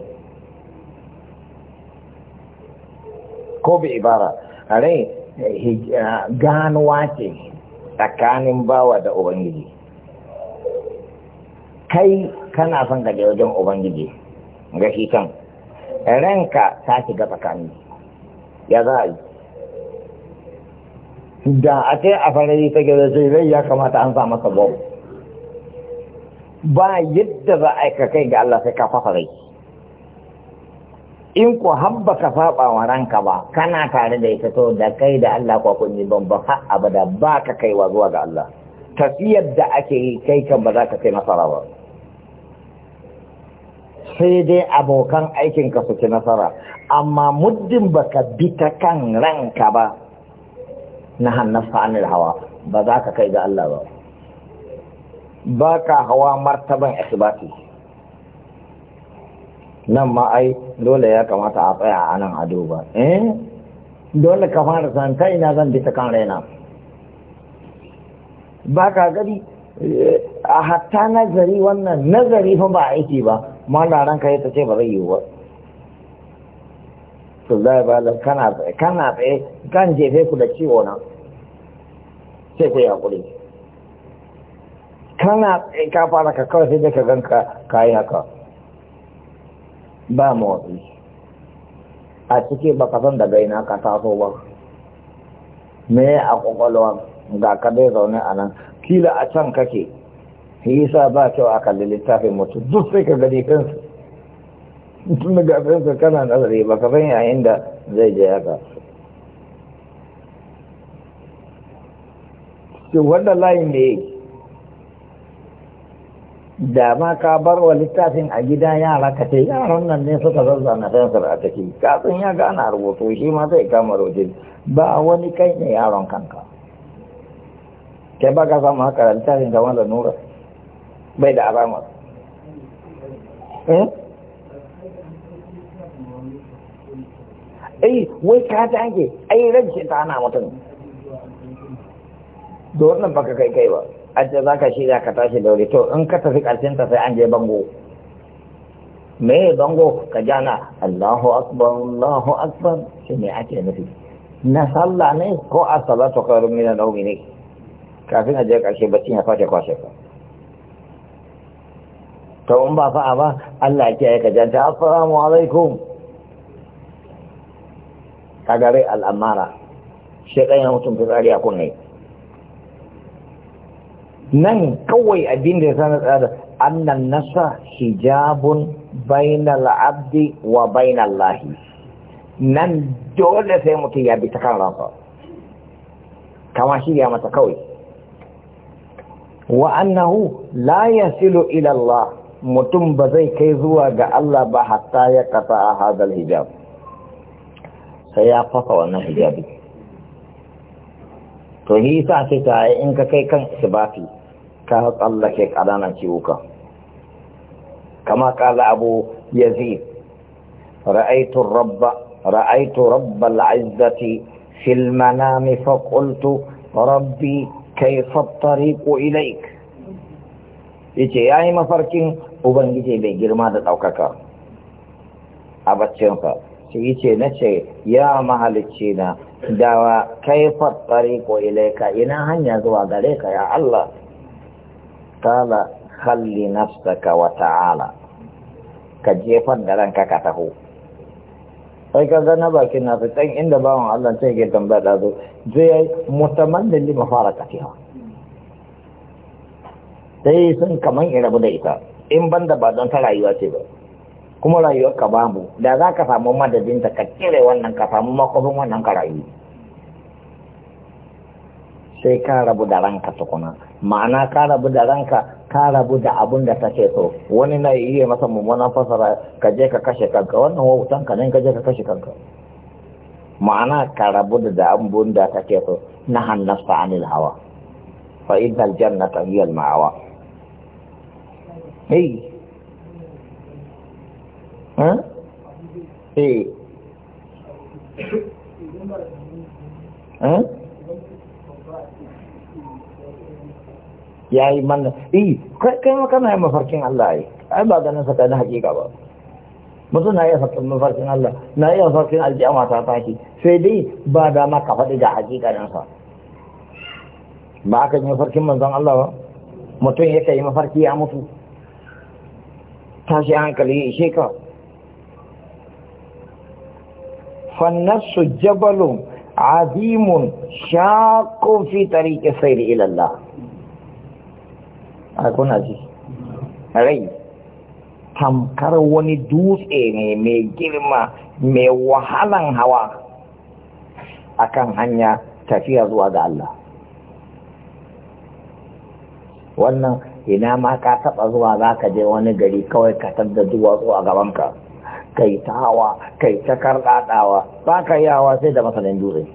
ko bi ibara rai eh, eh, ganuwa ce tsakanin bawa da ubangiji kai kana son ka je wajen ubangiji ga shi kan ranka ta shiga tsakani ya za a yi da a ce a farari ta gaba zai rai ya kamata an sa masa bau ba yadda za a kai ga Allah sai ka fafa in ku habba ka faɓa wa ranka ba kana tare da ita to da kai da Allah ko kun yi bamba har abada ba ka kaiwa zuwa ga Allah tafiyar da ake yi kai kan ba za ka kai nasara ba sai dai abokan aikinka su ci nasara amma muddin ba ka bi ta kan ranka ba na hannun anil hawa ba za ka kai ga Allah ba ba ka hawa martaban isbati nan ma ai dole ya kamata a tsaya a nan a duba eh dole ka fara san kai na zan bita kan raina ba ka gari eh, a hatta nazari wannan nazari fa ba aiki ba malaran kai ta ce ba zai yiwu ba to zai ba kana kana tsaye kan jefe ku da ciwo na sai ku yakuri kana tsaye ka fara ka kawai sai da ka ganka kayi haka ba motsi a ciki ba ka san daga ina ka taso ba me a kwakwalwa ga ka dai zaune a nan kila a can kake sa ba kyau a kalli littafin mutum duk sai ka gani kansu tun daga kansu kana nazari ba ka san yayin da zai je haka shi wanda layin yake da ma ka bar wa littafin a gida yara ka ce yaran nan ne suka zazzana fensir a ciki katsin ya ga ana rubutu shi ma zai kama rojin ba wani kai ne yaron kanka ke ba ka samu haka da littafin kama da nura bai da alama. eh, eh wai ka dage ai shi ta ana mutum da wannan baka kai kai ba an ce za ka shirya ka tashi da wuri to in ka tafi ƙarshen ta sai an je bango me bango ka jana Allahu akbar Allahu akbar shi ne ake nufi na sallah ne ko a salatu khairun min na nawmi ne kafin a je ƙarshe bacci ya fata kwashe ka to in ba fa'a ba Allah ya kiyaye ka janta assalamu alaikum gare al'amara shi ya mutum fitsari a kunne nan kawai abin da ya sanar tsada annan nasa hijabun bainal abdi wa bainal lahi nan dole sai mutum ya bi ta kan rafa kama shi ya mata kawai wa annahu la yasilu ila Allah mutum ba zai kai zuwa ga Allah ba hatta ya kafa a hadal hijab sai ya fasa wannan hijabi to yi sa sai ta in ka kai kan isbati ka tsallake ƙananan ciwuka kama kala abu yazid ra'aitu rabba ra'aitu rabbal izzati fil manami fa qultu rabbi kayfa at-tariqu ilayk yace yayi mafarkin ubangiji bai girma da daukaka a baccin fa sai yace nace ya mahalicci na dawa kayfa at-tariqu ilayka ina hanya zuwa gare ka ya Allah ta'ala halli nafsaka wa ta'ala ka jefar da ranka ka taho sai ka ga na bakin na inda bawan Allah sai ke tambaya da zo zai da lima fara katiha sai sun kaman irabu da ita in banda ba don ta rayuwa ce ba kuma rayuwar ka babu da za ka samu madadin ta ka kira wannan ka samu makofin wannan ka rayu sai ka rabu da ranka tukuna ma'ana ka rabu da ranka ka rabu da abun da take so wani na iya masa mummunan fasara ka je ka kashe kanka wannan wautan ka ne ka je ka kashe kanka ma'ana ka rabu da abun da take so na hannasta anil hawa fa innal jannata hiya ma'awa hey hey eh ya yi manna eh kai makana ya mafarkin Allah ai ai ba ganin sa kai hakika ba mutum na iya mafarkin Allah na iya mafarkin aljama ta tashi sai dai ba dama ka faɗi da hakikanin sa ba aka yi mafarkin manzon Allah ba mutum ya kai mafarki ya mutu tashi hankali ya ishe ka fannasu jabalun azimun shaƙo fi sai sayar ilallah a kuna ji rai tamkar wani dutse ne mai girma mai wahalan hawa akan hanya tafiya zuwa ga Allah wannan ina ma ka taɓa zuwa za ka je wani gari kawai ka tadda duwatsu a gabanka kai tawa, kai ta karɗaɗawa ba ka yi hawa sai da masanin dutse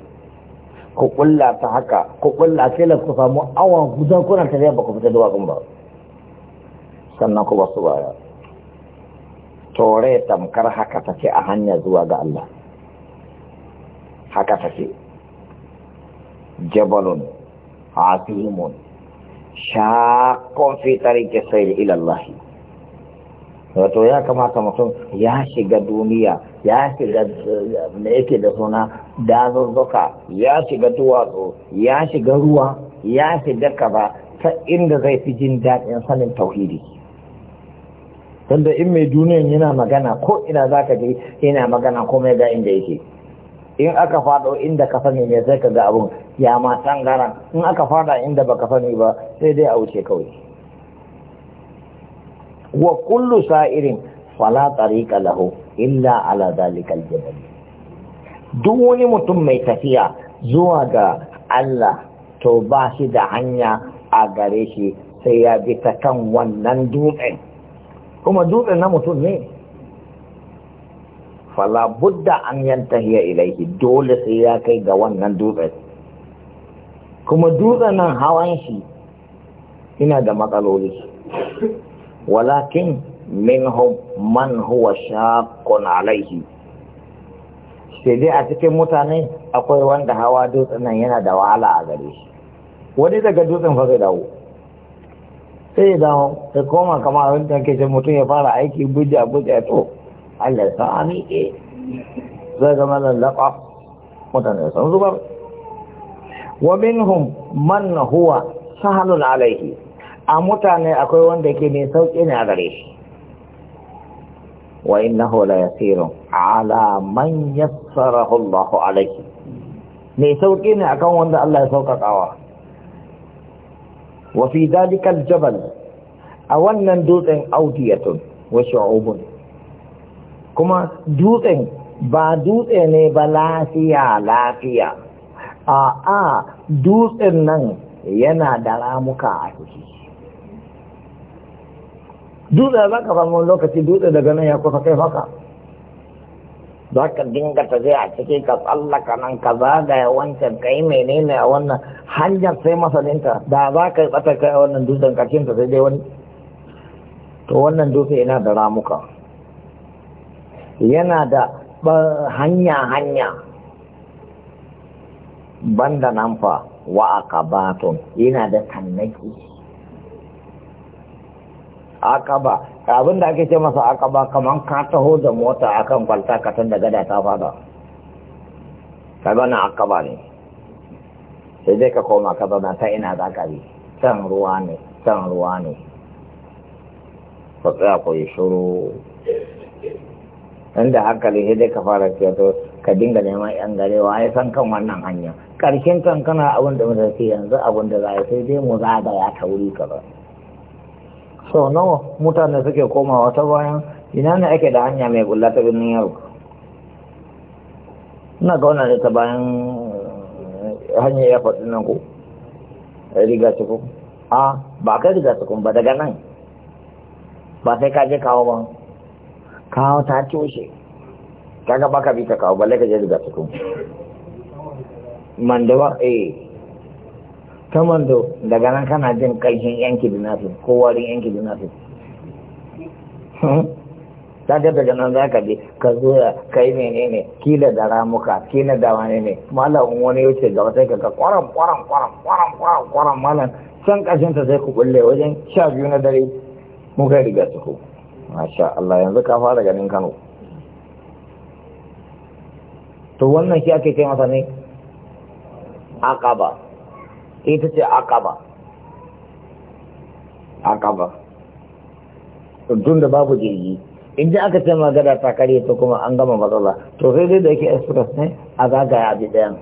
ku kulla ta haka ku kulla sai la ku samu awan kusan kuna tafiya ba ku fita duwatsun ba sannan ku basu baya tore tamkar haka ta ce a hanya zuwa ga Allah haka ta ce. jabalun asimun shaqqun fi tariqi sayl ila Allah wato ya kamata mutum ya shiga duniya ya shiga da yake da suna dazuzzuka ya shiga duwatsu ya shiga ruwa ya shiga kaba ta inda zai fi jin daɗin sanin tauhidi tunda in mai duniyan yana magana ko ina za ka je yana magana komai ga inda yake in aka fado inda ka sani ne sai ka ga abun ya ma tangaran in aka fada inda baka sani ba sai dai a wuce kawai wa kullu sa'irin fala tariqa lahu illa ala zalikal jabal duk wani mutum mai tafiya zuwa ga Allah to ba shi da hanya a gare shi sai ya bi ta kan wannan dutsen kuma dutsen na mutum ne fala budda an yantahiya ilaihi dole sai ya kai ga wannan dutsen kuma dutsen nan hawan shi ina da matsaloli walakin minhum man huwa shaqqun alaihi sai dai a cikin mutane akwai wanda hawa dutsen nan yana da wahala a gare shi wani daga dutsen fa zai dawo sai ya dawo sai koma kamar wanda ke ce mutum ya fara aiki buja buja to Allah ya sa a miƙe zai zama lallaɓa mutane sun zubar wa minhum man huwa sahalun alaihi a mutane akwai wanda ke mai sauƙi ne a gare shi wa innahu la yasirun ala man yassarahu Allahu alayhi mai sauƙi ne akan wanda Allah ya sauƙaƙawa wa fi dalikal jabal. a wannan dutsen audiyatun wa shu'ubun kuma dutsen ba dutse ne ba lafiya lafiya a a dutsen nan yana da ramuka a ciki dutse za ka samu lokaci dutse daga nan ya kusa kai haka za ka dinga ta zai a ciki ka tsallaka nan ka zagaya wancan ka yi menene a wannan hanyar sai masalinta da za ka yi tsata kai a wannan dutsen karshen ta sai dai wani to wannan dutse yana da ramuka yana da hanya-hanya banda nan fa wa akabatun yana da tannaki akaba abin da ake ce masa akaba kamar ka taho da mota akan kwalta daga da gada ta fada ka na akaba ne sai dai ka koma ka zauna ta ina za ka bi can ruwa ne can ruwa ne ku tsaya ku yi shuru inda hankali sai dai ka fara to ka dinga neman yan garewa ya san kan wannan hanya karshen kan kana abin da mutum yanzu abin da za a sai dai mu zagaya ta wuri ka ba So nawa mutane suke komawa ta bayan ina ne ake da hanya mai bulla ta birnin yaro ina ga wannan ta bayan eh, hanya ya faɗi nan ko eh, riga cikin a ba kai riga cikin ba daga nan ba sai ka je kawo ba kawo ta toshe kaga baka bi ta kawo balle ka je riga cikin mandawa eh kamar da daga nan kana jin ƙarshen yanki dinafin ko warin yanki Ta ga daga nan za ka bi? ka zo ya kai menene kila da ramuka kila da wane ne malam wani ya ce gaba sai ka ga kwaram kwaram kwaram kwaram kwaram kwaram malam can ƙarshen ta sai ku kulle wajen sha biyu na dare mu kai riga su ko masha Allah yanzu ka fara ganin Kano to wannan shi ake kai masa ne aqaba ita ce akaba akaba tun da babu jirgi in ji aka ce magana ta karye to kuma an gama matsala to sai dai da yake express ne a zagaya bi ɗayan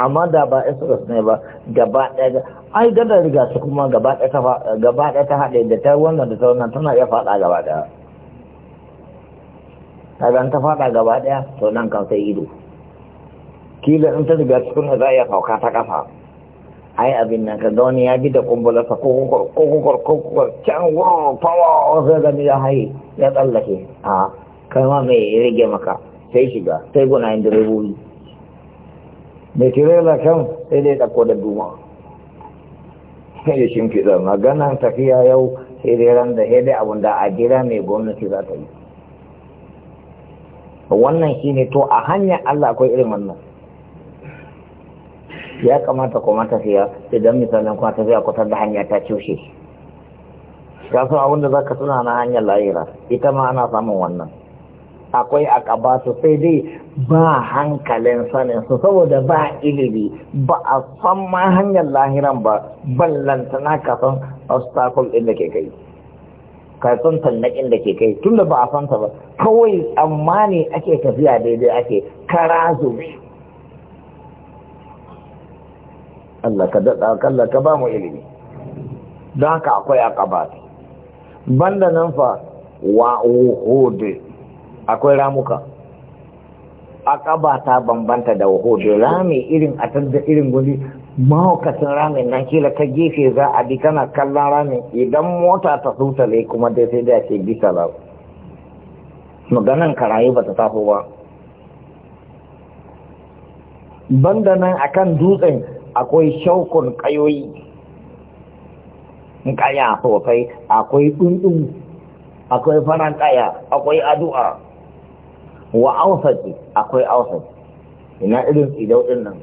amma da ba express ne ba gaba ɗaya ai gada riga su kuma gaba ɗaya ta haɗe da ta wannan da ta wannan tana iya faɗa gaba ɗaya zan ta faɗa gaba ɗaya to nan kan sai ido kila in ta riga cikin za a iya sauka ta ƙafa ai abin nan kaga wani ya bi da kumbularsa ko kukur ko kukur can wuro fawa wasu ni ya haye ya tsallake a kai ma mai rage maka sai shiga sai guna yin direbobi mai tirela kan sai dai ɗauko da duma sai ya shimfiɗa maganan tafiya yau sai dai ran da sai dai abin da a gida mai gwamnati za ta yi wannan shine to a hanyar Allah akwai irin wannan ya kamata kuma tafiya idan misalin kuma tafiya kwatar da hanya ta cushe kasu abinda za ka suna na hanyar lahira ita ma ana samun wannan akwai akaba su sai dai ba hankalin sanin su saboda ba ilimi ba a san ma hanyar lahiran ba na ka san obstacle ɗin da ke kai ka san tannakin da ke kai tunda ba a santa ba kawai amma ne ake tafiya daidai ake kara zuwa Allah ka daɗa kalla ka ba mu ilimi don haka akwai akabat banda nan fa wa uhud akwai ramuka akabata ta bambanta da uhud rami irin a tanda irin guri mahaukacin ramin nan kila ta gefe za a bi kana kallon ramin idan mota ta tutale kuma dai sai da ke bisa ba maganan rayu ba ta taso ba banda nan akan dutsen akwai shaukun kayoyi kaya sosai akwai ɗunɗun akwai faran kaya akwai addu'a wa ausaki akwai ausaki ina irin idau ɗin nan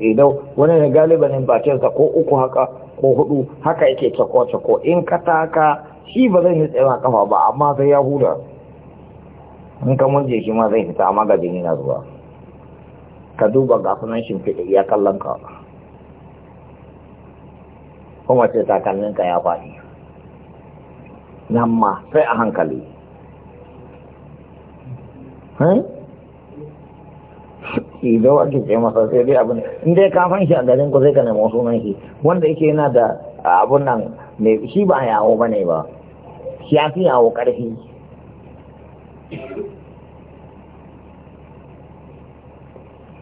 idau wani ne galibanin bakinsa ko uku haka ko hudu haka yake cako-cako in ka haka shi ba zai yi tsaye kafa ba amma sai ya hula in ka shi ma zai fita amma ga jini na zuwa ka duba ga sunan shimfiɗa ya kallon ka kuma ce takalmin ka ya faɗi nan ma sai a hankali idan ake ce masa sai dai abin inda ya kafan shi a garin ku sai ka nemo sunan shi wanda yake yana da abun nan shi ba yawo ba ne ba shi ya fi yawo ƙarfi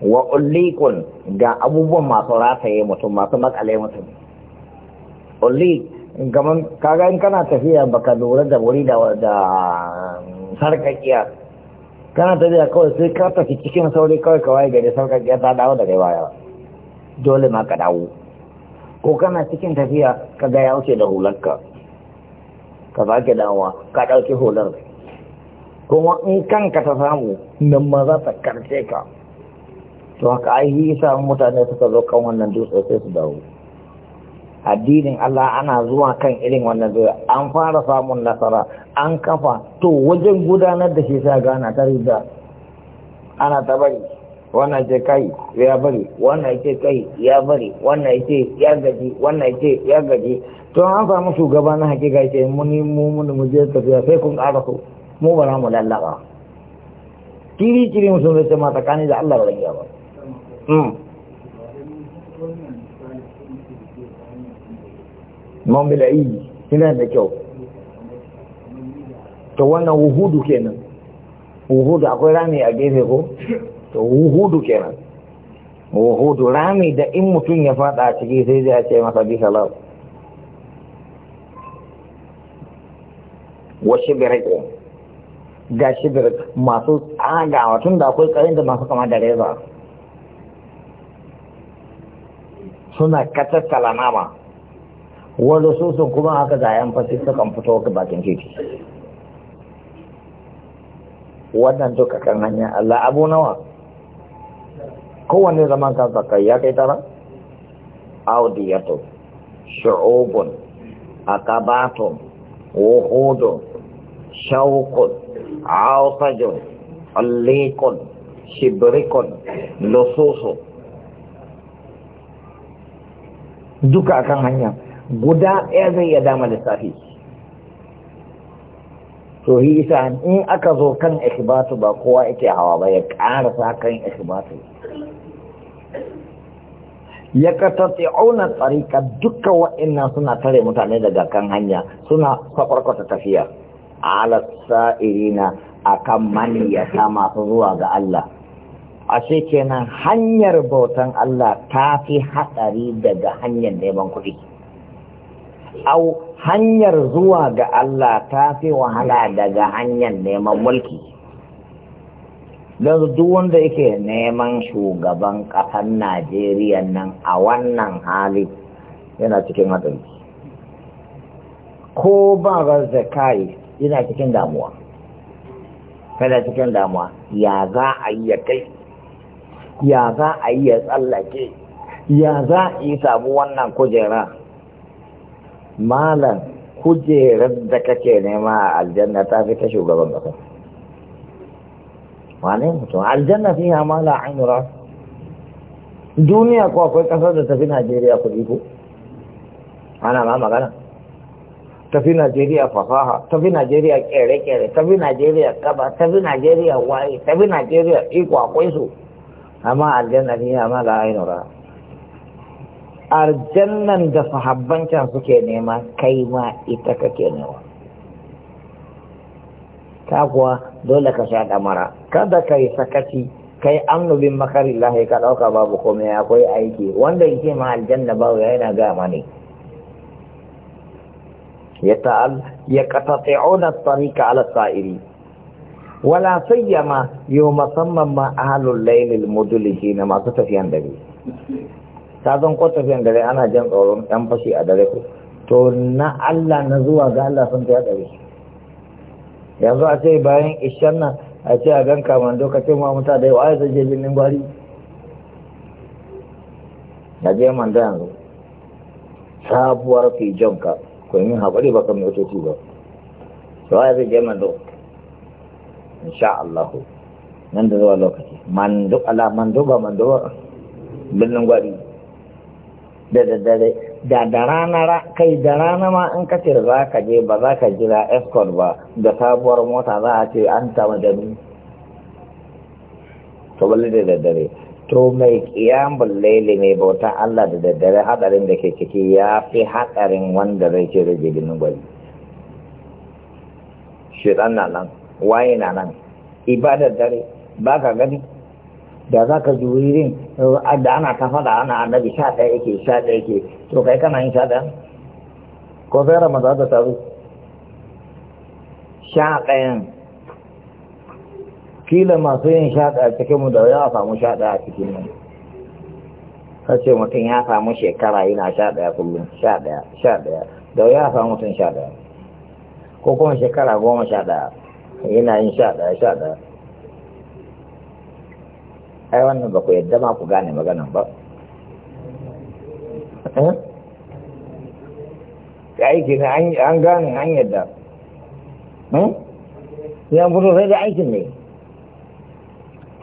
wa ulikun ga abubuwan masu rataye mutum masu makale mutum ulik gaman kaga in kana tafiya baka lura da wuri da sarkakiya kana tafiya kawai sai ka tafi cikin sauri kawai kawai gari sarkakiya ta dawo da yawa dole ma ka dawo ko kana cikin tafiya ka ga ya wuce da hularka ka sake dawowa ka ɗauki hular kuma in kanka ta samu nan ma za ta karce ka to haka ai yasa mutane suka zo kan wannan dutse sai su dawo addinin Allah ana zuwa kan irin wannan zuwa an fara samun nasara an kafa to wajen gudanar da shi sai gana ta riga ana ta bari wannan ce kai ya bari wannan ce kai ya bari wannan ce ya gaji wannan ce ya gaji to an samu shugaba na hakika ce mun mu mun mu je tafiya sai kun ƙara so mu ba mu lallaba kiri kiri musulmai ce ma tsakani da Allah ba ya ba Hmm. man bila'i yana da kyau to wannan wuhudu kenan wuhudu akwai rami a gefe ko to wuhudu kenan wuhudu rami da in mutum ya fada a ciki sai zai ce masa bi halal wa shibirik ga shibirik masu tsagawa tun da akwai karin da masu kama da reza suna katattala nama wanda su sun kuma haka zayen fasi kan fito ga bakin titi wannan duka kan hanya Allah abu nawa wanne zaman kansa kai ya kai tara audiyatu shu'ubun akabatun wuhudun shaukun ausajun allikun shibrikun lususun duka akan hanya guda ɗaya zai iya dama lissafi to yi isa in aka zo kan ikibatu ba kowa yake hawa ba ya ƙarasa kan ikibatu ya katatte auna tsarika duka wa'annan suna tare mutane daga kan hanya suna kwakwarkwata tafiya ala sa'irina akan maniyata masu zuwa ga Allah ashe kenan hanyar bautan Allah ta fi hatsari daga hanyar neman kuɗi au hanyar zuwa ga Allah ta fi wahala daga hanyar neman mulki don duk wanda yake neman shugaban ƙasar Najeriya nan a wannan hali yana cikin hatsari ko ba razzakai yana cikin damuwa kada cikin damuwa ya za a yi ya kai ya za a yi ya tsallake ya za a yi samu wannan kujera malam kujerar da kake nema a aljanna ta fi ta shugaban kasa wane mutum aljanna fi ya mala ainura duniya ko akwai kasar da tafi najeriya kuɗi ko ana ma magana tafi najeriya fasaha tafi najeriya kere-kere tafi najeriya kaba tafi najeriya waye tafi najeriya iko akwai su amma aljanna fiha ma la ainu ra aljannan da sahabban suke nema kai ma ita kake nema ta kuwa dole ka sha damara kada ka yi sakaci kai amnu bin makarillahi ka ɗauka babu komai akwai aiki wanda yake ma aljanna ba babu yana ga mani ya ta'al ya ka at ala sa'iri wala sayyama yau musamman ma ahalul lailil mudulihi na masu tafiyan dare ta zan ko tafiyan dare ana jan tsoron yan fashi a dare ku to na Allah na zuwa ga Allah sun ta dare yanzu a ce bayan ishan nan a ce a gan kamar doka ce ma muta da yawa zai je binin gwari na je manda yanzu sabuwar fi ku yi min haƙuri ba kan motoci ba a zai je mando insha Allah nan da zuwa lokaci mandu ala mandu ba mandu ba Binnin gwari da daddare da da rana kai da rana ma in ka tira za ka je ba za ka jira escort ba da sabuwar mota za a ce an da ni. to balle da daddare to mai kiyamun laili mai bauta Allah da daddare hadarin da ke ciki ya fi hadarin wanda zai ce rage ginin gwari shi na nan waye na nan ibadar dare ba ka gani da za ka juri rin da ana ta faɗa ana annabi sha ɗaya yake sha ɗaya yake to kai kana yin sha ɗaya ko sai ramadan ta taru sha ɗaya kila masu yin sha ɗaya cikin mu da ya samu sha ɗaya cikin mu ce mutum ya samu shekara yana sha ɗaya kullum sha ɗaya sha ɗaya da ya samu mutum sha ɗaya ko kuma shekara goma sha ɗaya yana yin sha ɗaya sha ɗaya ai wannan ba ku yadda ma ku gane maganan ba ya eh? aiki ne an gane an yadda eh? ya fito sai da aikin ne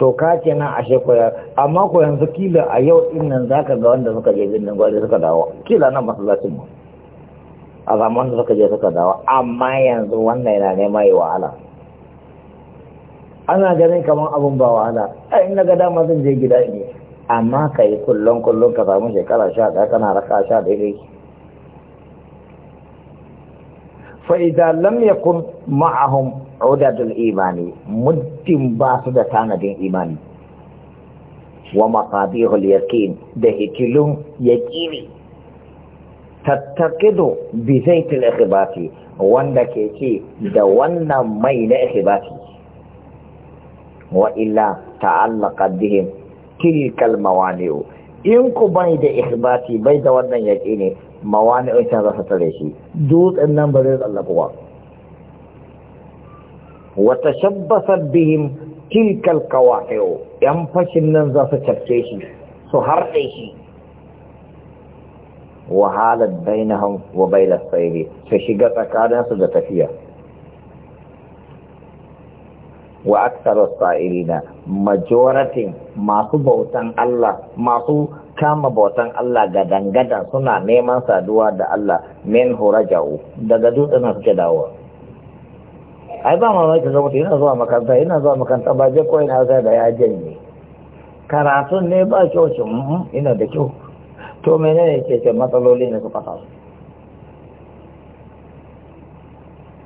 to ka ce nan ashe koya amma ko yanzu kila a yau din nan zaka ga wanda suka je birnin gwaje suka dawo kila nan masallacin mu a zaman da suka je suka dawo amma yanzu wannan yana nema yi wahala ana ganin kamar abin ba wahala ai in ga dama zan je gida ne amma ka yi kullum kullum ka samu shekara sha ɗaya kana raka sha ɗaya kai fa'ida lam yakun ma'ahum udadul imani muddin ba su da tanadin imani wa maqabihul yaqin da hikilun yaqini tattaqidu bi zaitil ikhbati wanda ke ce da wannan mai na ikhbati Wa illa تعلقت بهم tilkal mawani'u in ku bai da ihbati bai da wannan yaƙi ne mawani ita za su tare shi dutsen nan ba zai tsallaku wa wata shabbasar bihim tilkal kawahiyo yan fashin nan za su cafce shi su harɗe shi wahalar bainahum wa bailar tsaye su shiga tsakaninsu da tafiya wa aktsarus sa’irina majoratin masu bautan Allah masu kama bautan Allah gadan-gadan suna neman saduwa da Allah min hurajau daga dutsen suke dawo ai ba ma zai zama ina zuwa makaranta ina zuwa makaranta ba je ko ina sai da ya janye karatun ne ba kyau shi ina da kyau to menene ke ce matsaloli ne suka faru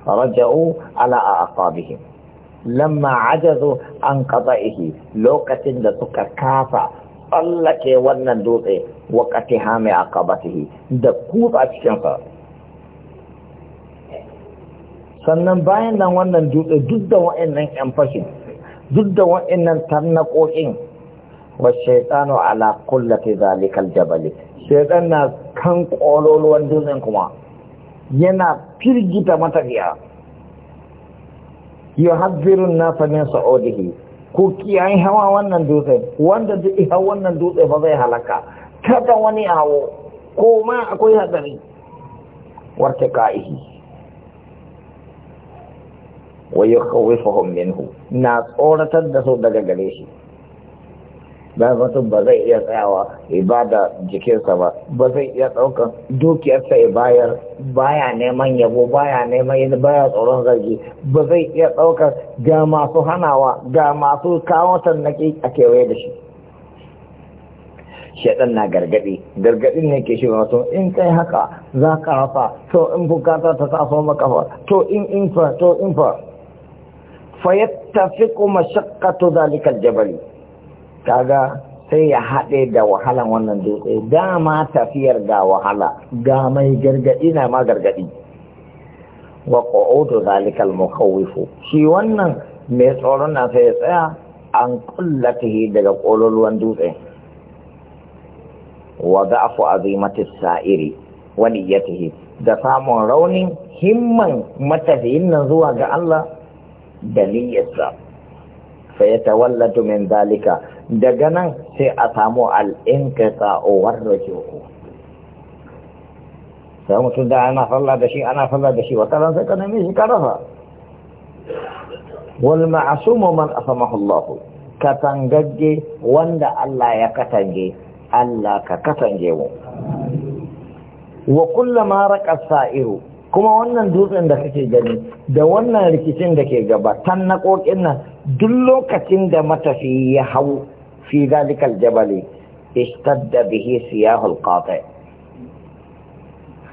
raja'u ala aqabihim lamma ajazu an qada'ihi lokacin da suka kafa tsallake wannan dutse wa qatihami aqabatihi da kuba cikin sa sannan bayan nan wannan dutse duk da wa'annan yan fashi duk da wa'annan tarnaƙoƙin wa shaitanu ala kullati zalikal jabali shaitan na kan ƙololuwan dutsen kuma yana firgita matafiya yuhadhirun nasa min sa'odihi ku kiyaye hawa wannan dutse wanda duk iya wannan dutse ba zai halaka kada wani awo ko ma akwai hadari warta ka'ihi wa fahimmin minhu na tsoratar da su daga gare shi da mutum ba zai iya tsayawa ibada jikinsa ba ba zai iya ɗaukan dukiyarsa ya bayar baya neman yabo baya neman yin baya tsoron zargi ba zai iya ɗaukan ga masu hanawa ga masu kawo sannaki a kewaye da shi shaɗan na gargaɗi gargaɗin ne ke shiga mutum in kai haka za ka rafa to in bukata ta taso maka fa to in in fa to infa fa kuma mashaqqatu dhalika al-jabali kaga sai ya haɗe da wahalan wannan dutse dama tafiyar ga wahala ga mai gargaɗi na ma gargaɗi wa ƙo'oto zalikal mukawifu shi wannan mai tsoron na sai tsaya an kullatihi daga ƙololuwan dutse wa za'afu azimatis sa'iri wa niyyatihi da samun raunin himman matafiyin nan zuwa ga Allah da niyyarsa fayatawallatu min dalika daga nan sai a samu al'inkasa owar rake uku sai mutum da ana falla da shi ana falla da shi wata ran sai ka nemi shi ka rasa wal ma'asumu man asamahu Allah katangagge wanda Allah ya katange Allah ka katange mu wa kullama raqa sa'iru kuma wannan dutsen da kake gani da wannan rikicin da ke gaba tan na kokin nan duk lokacin da matafi ya hau fi zalikal jabali ishtadda bihi siyahul qati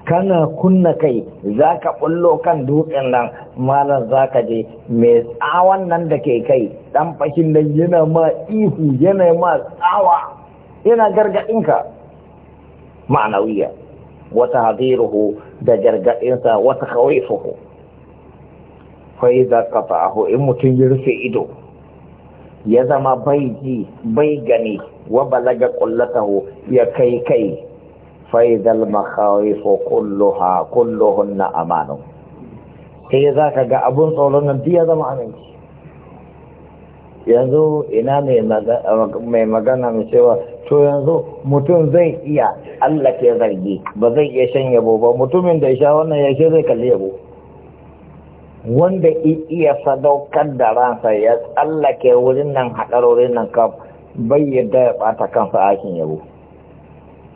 kana kunna kai zaka bullo kan dutsen nan malar zaka je mai tsawon nan da ke kai dan fashin nan yana ma ihu yana ma tsawa yana gargadinka ma'anawiya وتحذيره دجرجة إنسا وتخويفه فإذا قطعه إم تنجر في إدو يزم بيجي بيجني وبلغ قلته يكي كي فإذا المخاوف كلها كلهن أمان sai za ka ga abun tsoron nan ya zama aminci yanzu ina mai magana mai cewa to yanzu mutum zai iya Allah ke zargi ba zai iya shan yabo ba mutumin da sha wannan yake zai kalli yabo wanda iya sadaukar da ransa ya tsallake wurin nan haɗarorin nan kam bai yadda ya ɓata kansa aikin yabo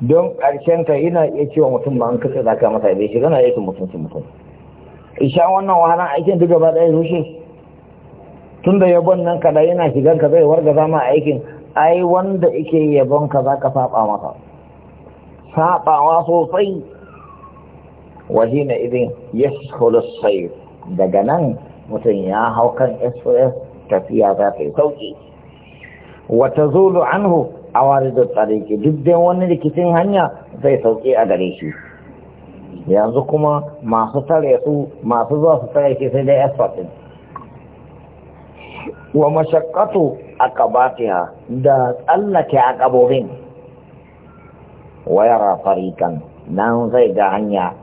don ƙarshen ina iya cewa mutum ba an kasa zaka masa bai shiga na yake mutum mutum isha wannan wahalar aikin duk gaba ɗaya rushe tun da yabon nan kada yana shigan ka zai warga zama aikin ai wanda yake yabon ka za ka saba masa sabawa sosai Waje idin ya sai daga nan mutum ya hau kan sos tafiya za ta yi sauki wata an anhu a wari da tsariki duk dai wani rikicin hanya zai sauki a gare shi yanzu kuma masu tare su masu zuwa su tare shi sai dai esfot wa a kabatiya da tsallake kabobin wayara farikan nan zai ga hanya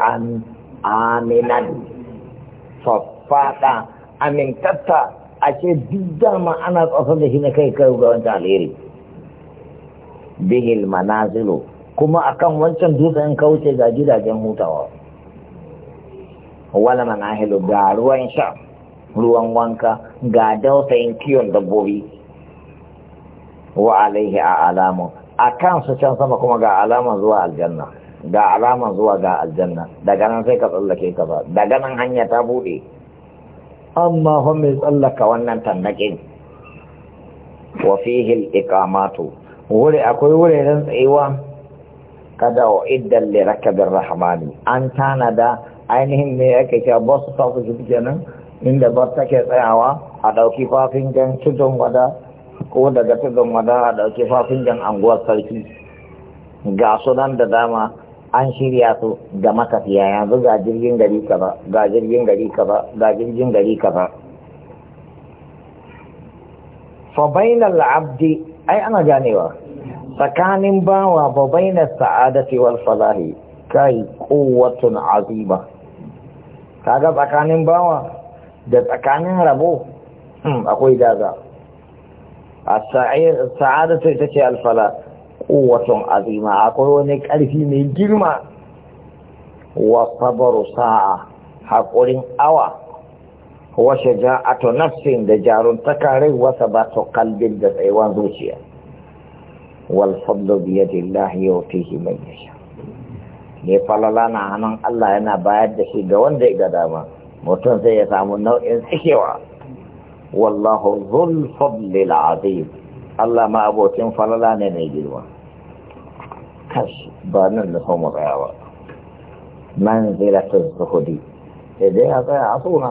an aminan faffada amintatta a ce duk dama ana tsasar da shi na kai kai ga wancan alheri bihil manazilo kuma akan wancan dutsen kauce ga gidajen hutawa wala manahilu ga ruwan sha ruwan wanka ga dausayin kiwon dabbobi wa alaihi a alamun a kansu can sama kuma ga alaman zuwa aljanna ga alaman zuwa ga aljanna daga nan sai ka tsallake ka ba daga nan hanya ta buɗe amma hon mai tsallaka wannan tannakin wa fihil iqamatu wuri akwai wuraren tsayuwa kada wa iddan li rakabir rahmani an tanada ainihin me yake cewa bus stop kenan inda ba take tsayawa a ɗauki fafin jan tudun wada ko daga tudun wada a ɗauki fafin jan anguwar sarki ga sunan da dama an shirya su ga matafiya yanzu ga jirgin gari kaza ga jirgin gari kaza ga jirgin gari kaza fa bainal abdi ai ana ganewa tsakanin bawa ba bainar sa'adati wal falahi kai quwwatun azima kaga tsakanin bawa da tsakanin rabo hmm, akwai daga a sa'adatu ita ce alfala kowacin azima akwai wani karfi mai girma wa sabaru sa'a haƙurin awa wa a tonafsin da jaruntaka wasa ba sabatu kalbin da tsaiwan zuciya wal fadlu bi yadillahi yi man yasha ne falala na hannun Allah yana bayar da shi ga wanda ya ga dama mutum zai ya samu nau'in tsikewa wallahu zul fadlil azim Allah ma abokin falala ne mai girma kashi ba nan da samu tsayawa manzilatun zuhudi sai dai a tsaya a suna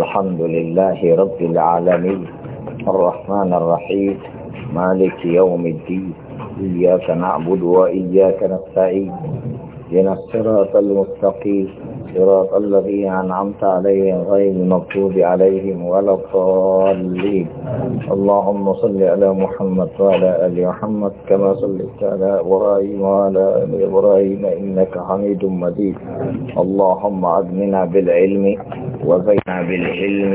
الحمد لله رب العالمين الرحمن الرحيم مالك يوم الدين إياك نعبد وإياك نستعين لنا الصراط المستقيم صراط الذي أنعمت عليهم غير المغضوب عليهم ولا الضالين اللهم صل على محمد وعلى آل محمد كما صليت على إبراهيم وعلى آل إبراهيم إنك حميد مجيد اللهم أدمنا بالعلم وزينا بالعلم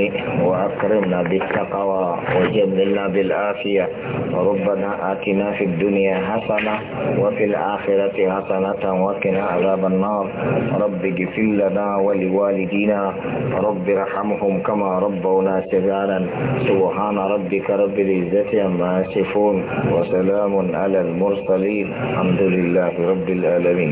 وأكرمنا بالتقوى وجملنا بالعافية ربنا آتنا في الدنيا حسنة وفي الآخرة حسنة وقنا عذاب النار رب اغفر لنا ولوالدينا رب رحمهم كما ربونا صغارا سبحان ربك رب العزة عما يصفون وسلام على المرسلين الحمد لله رب العالمين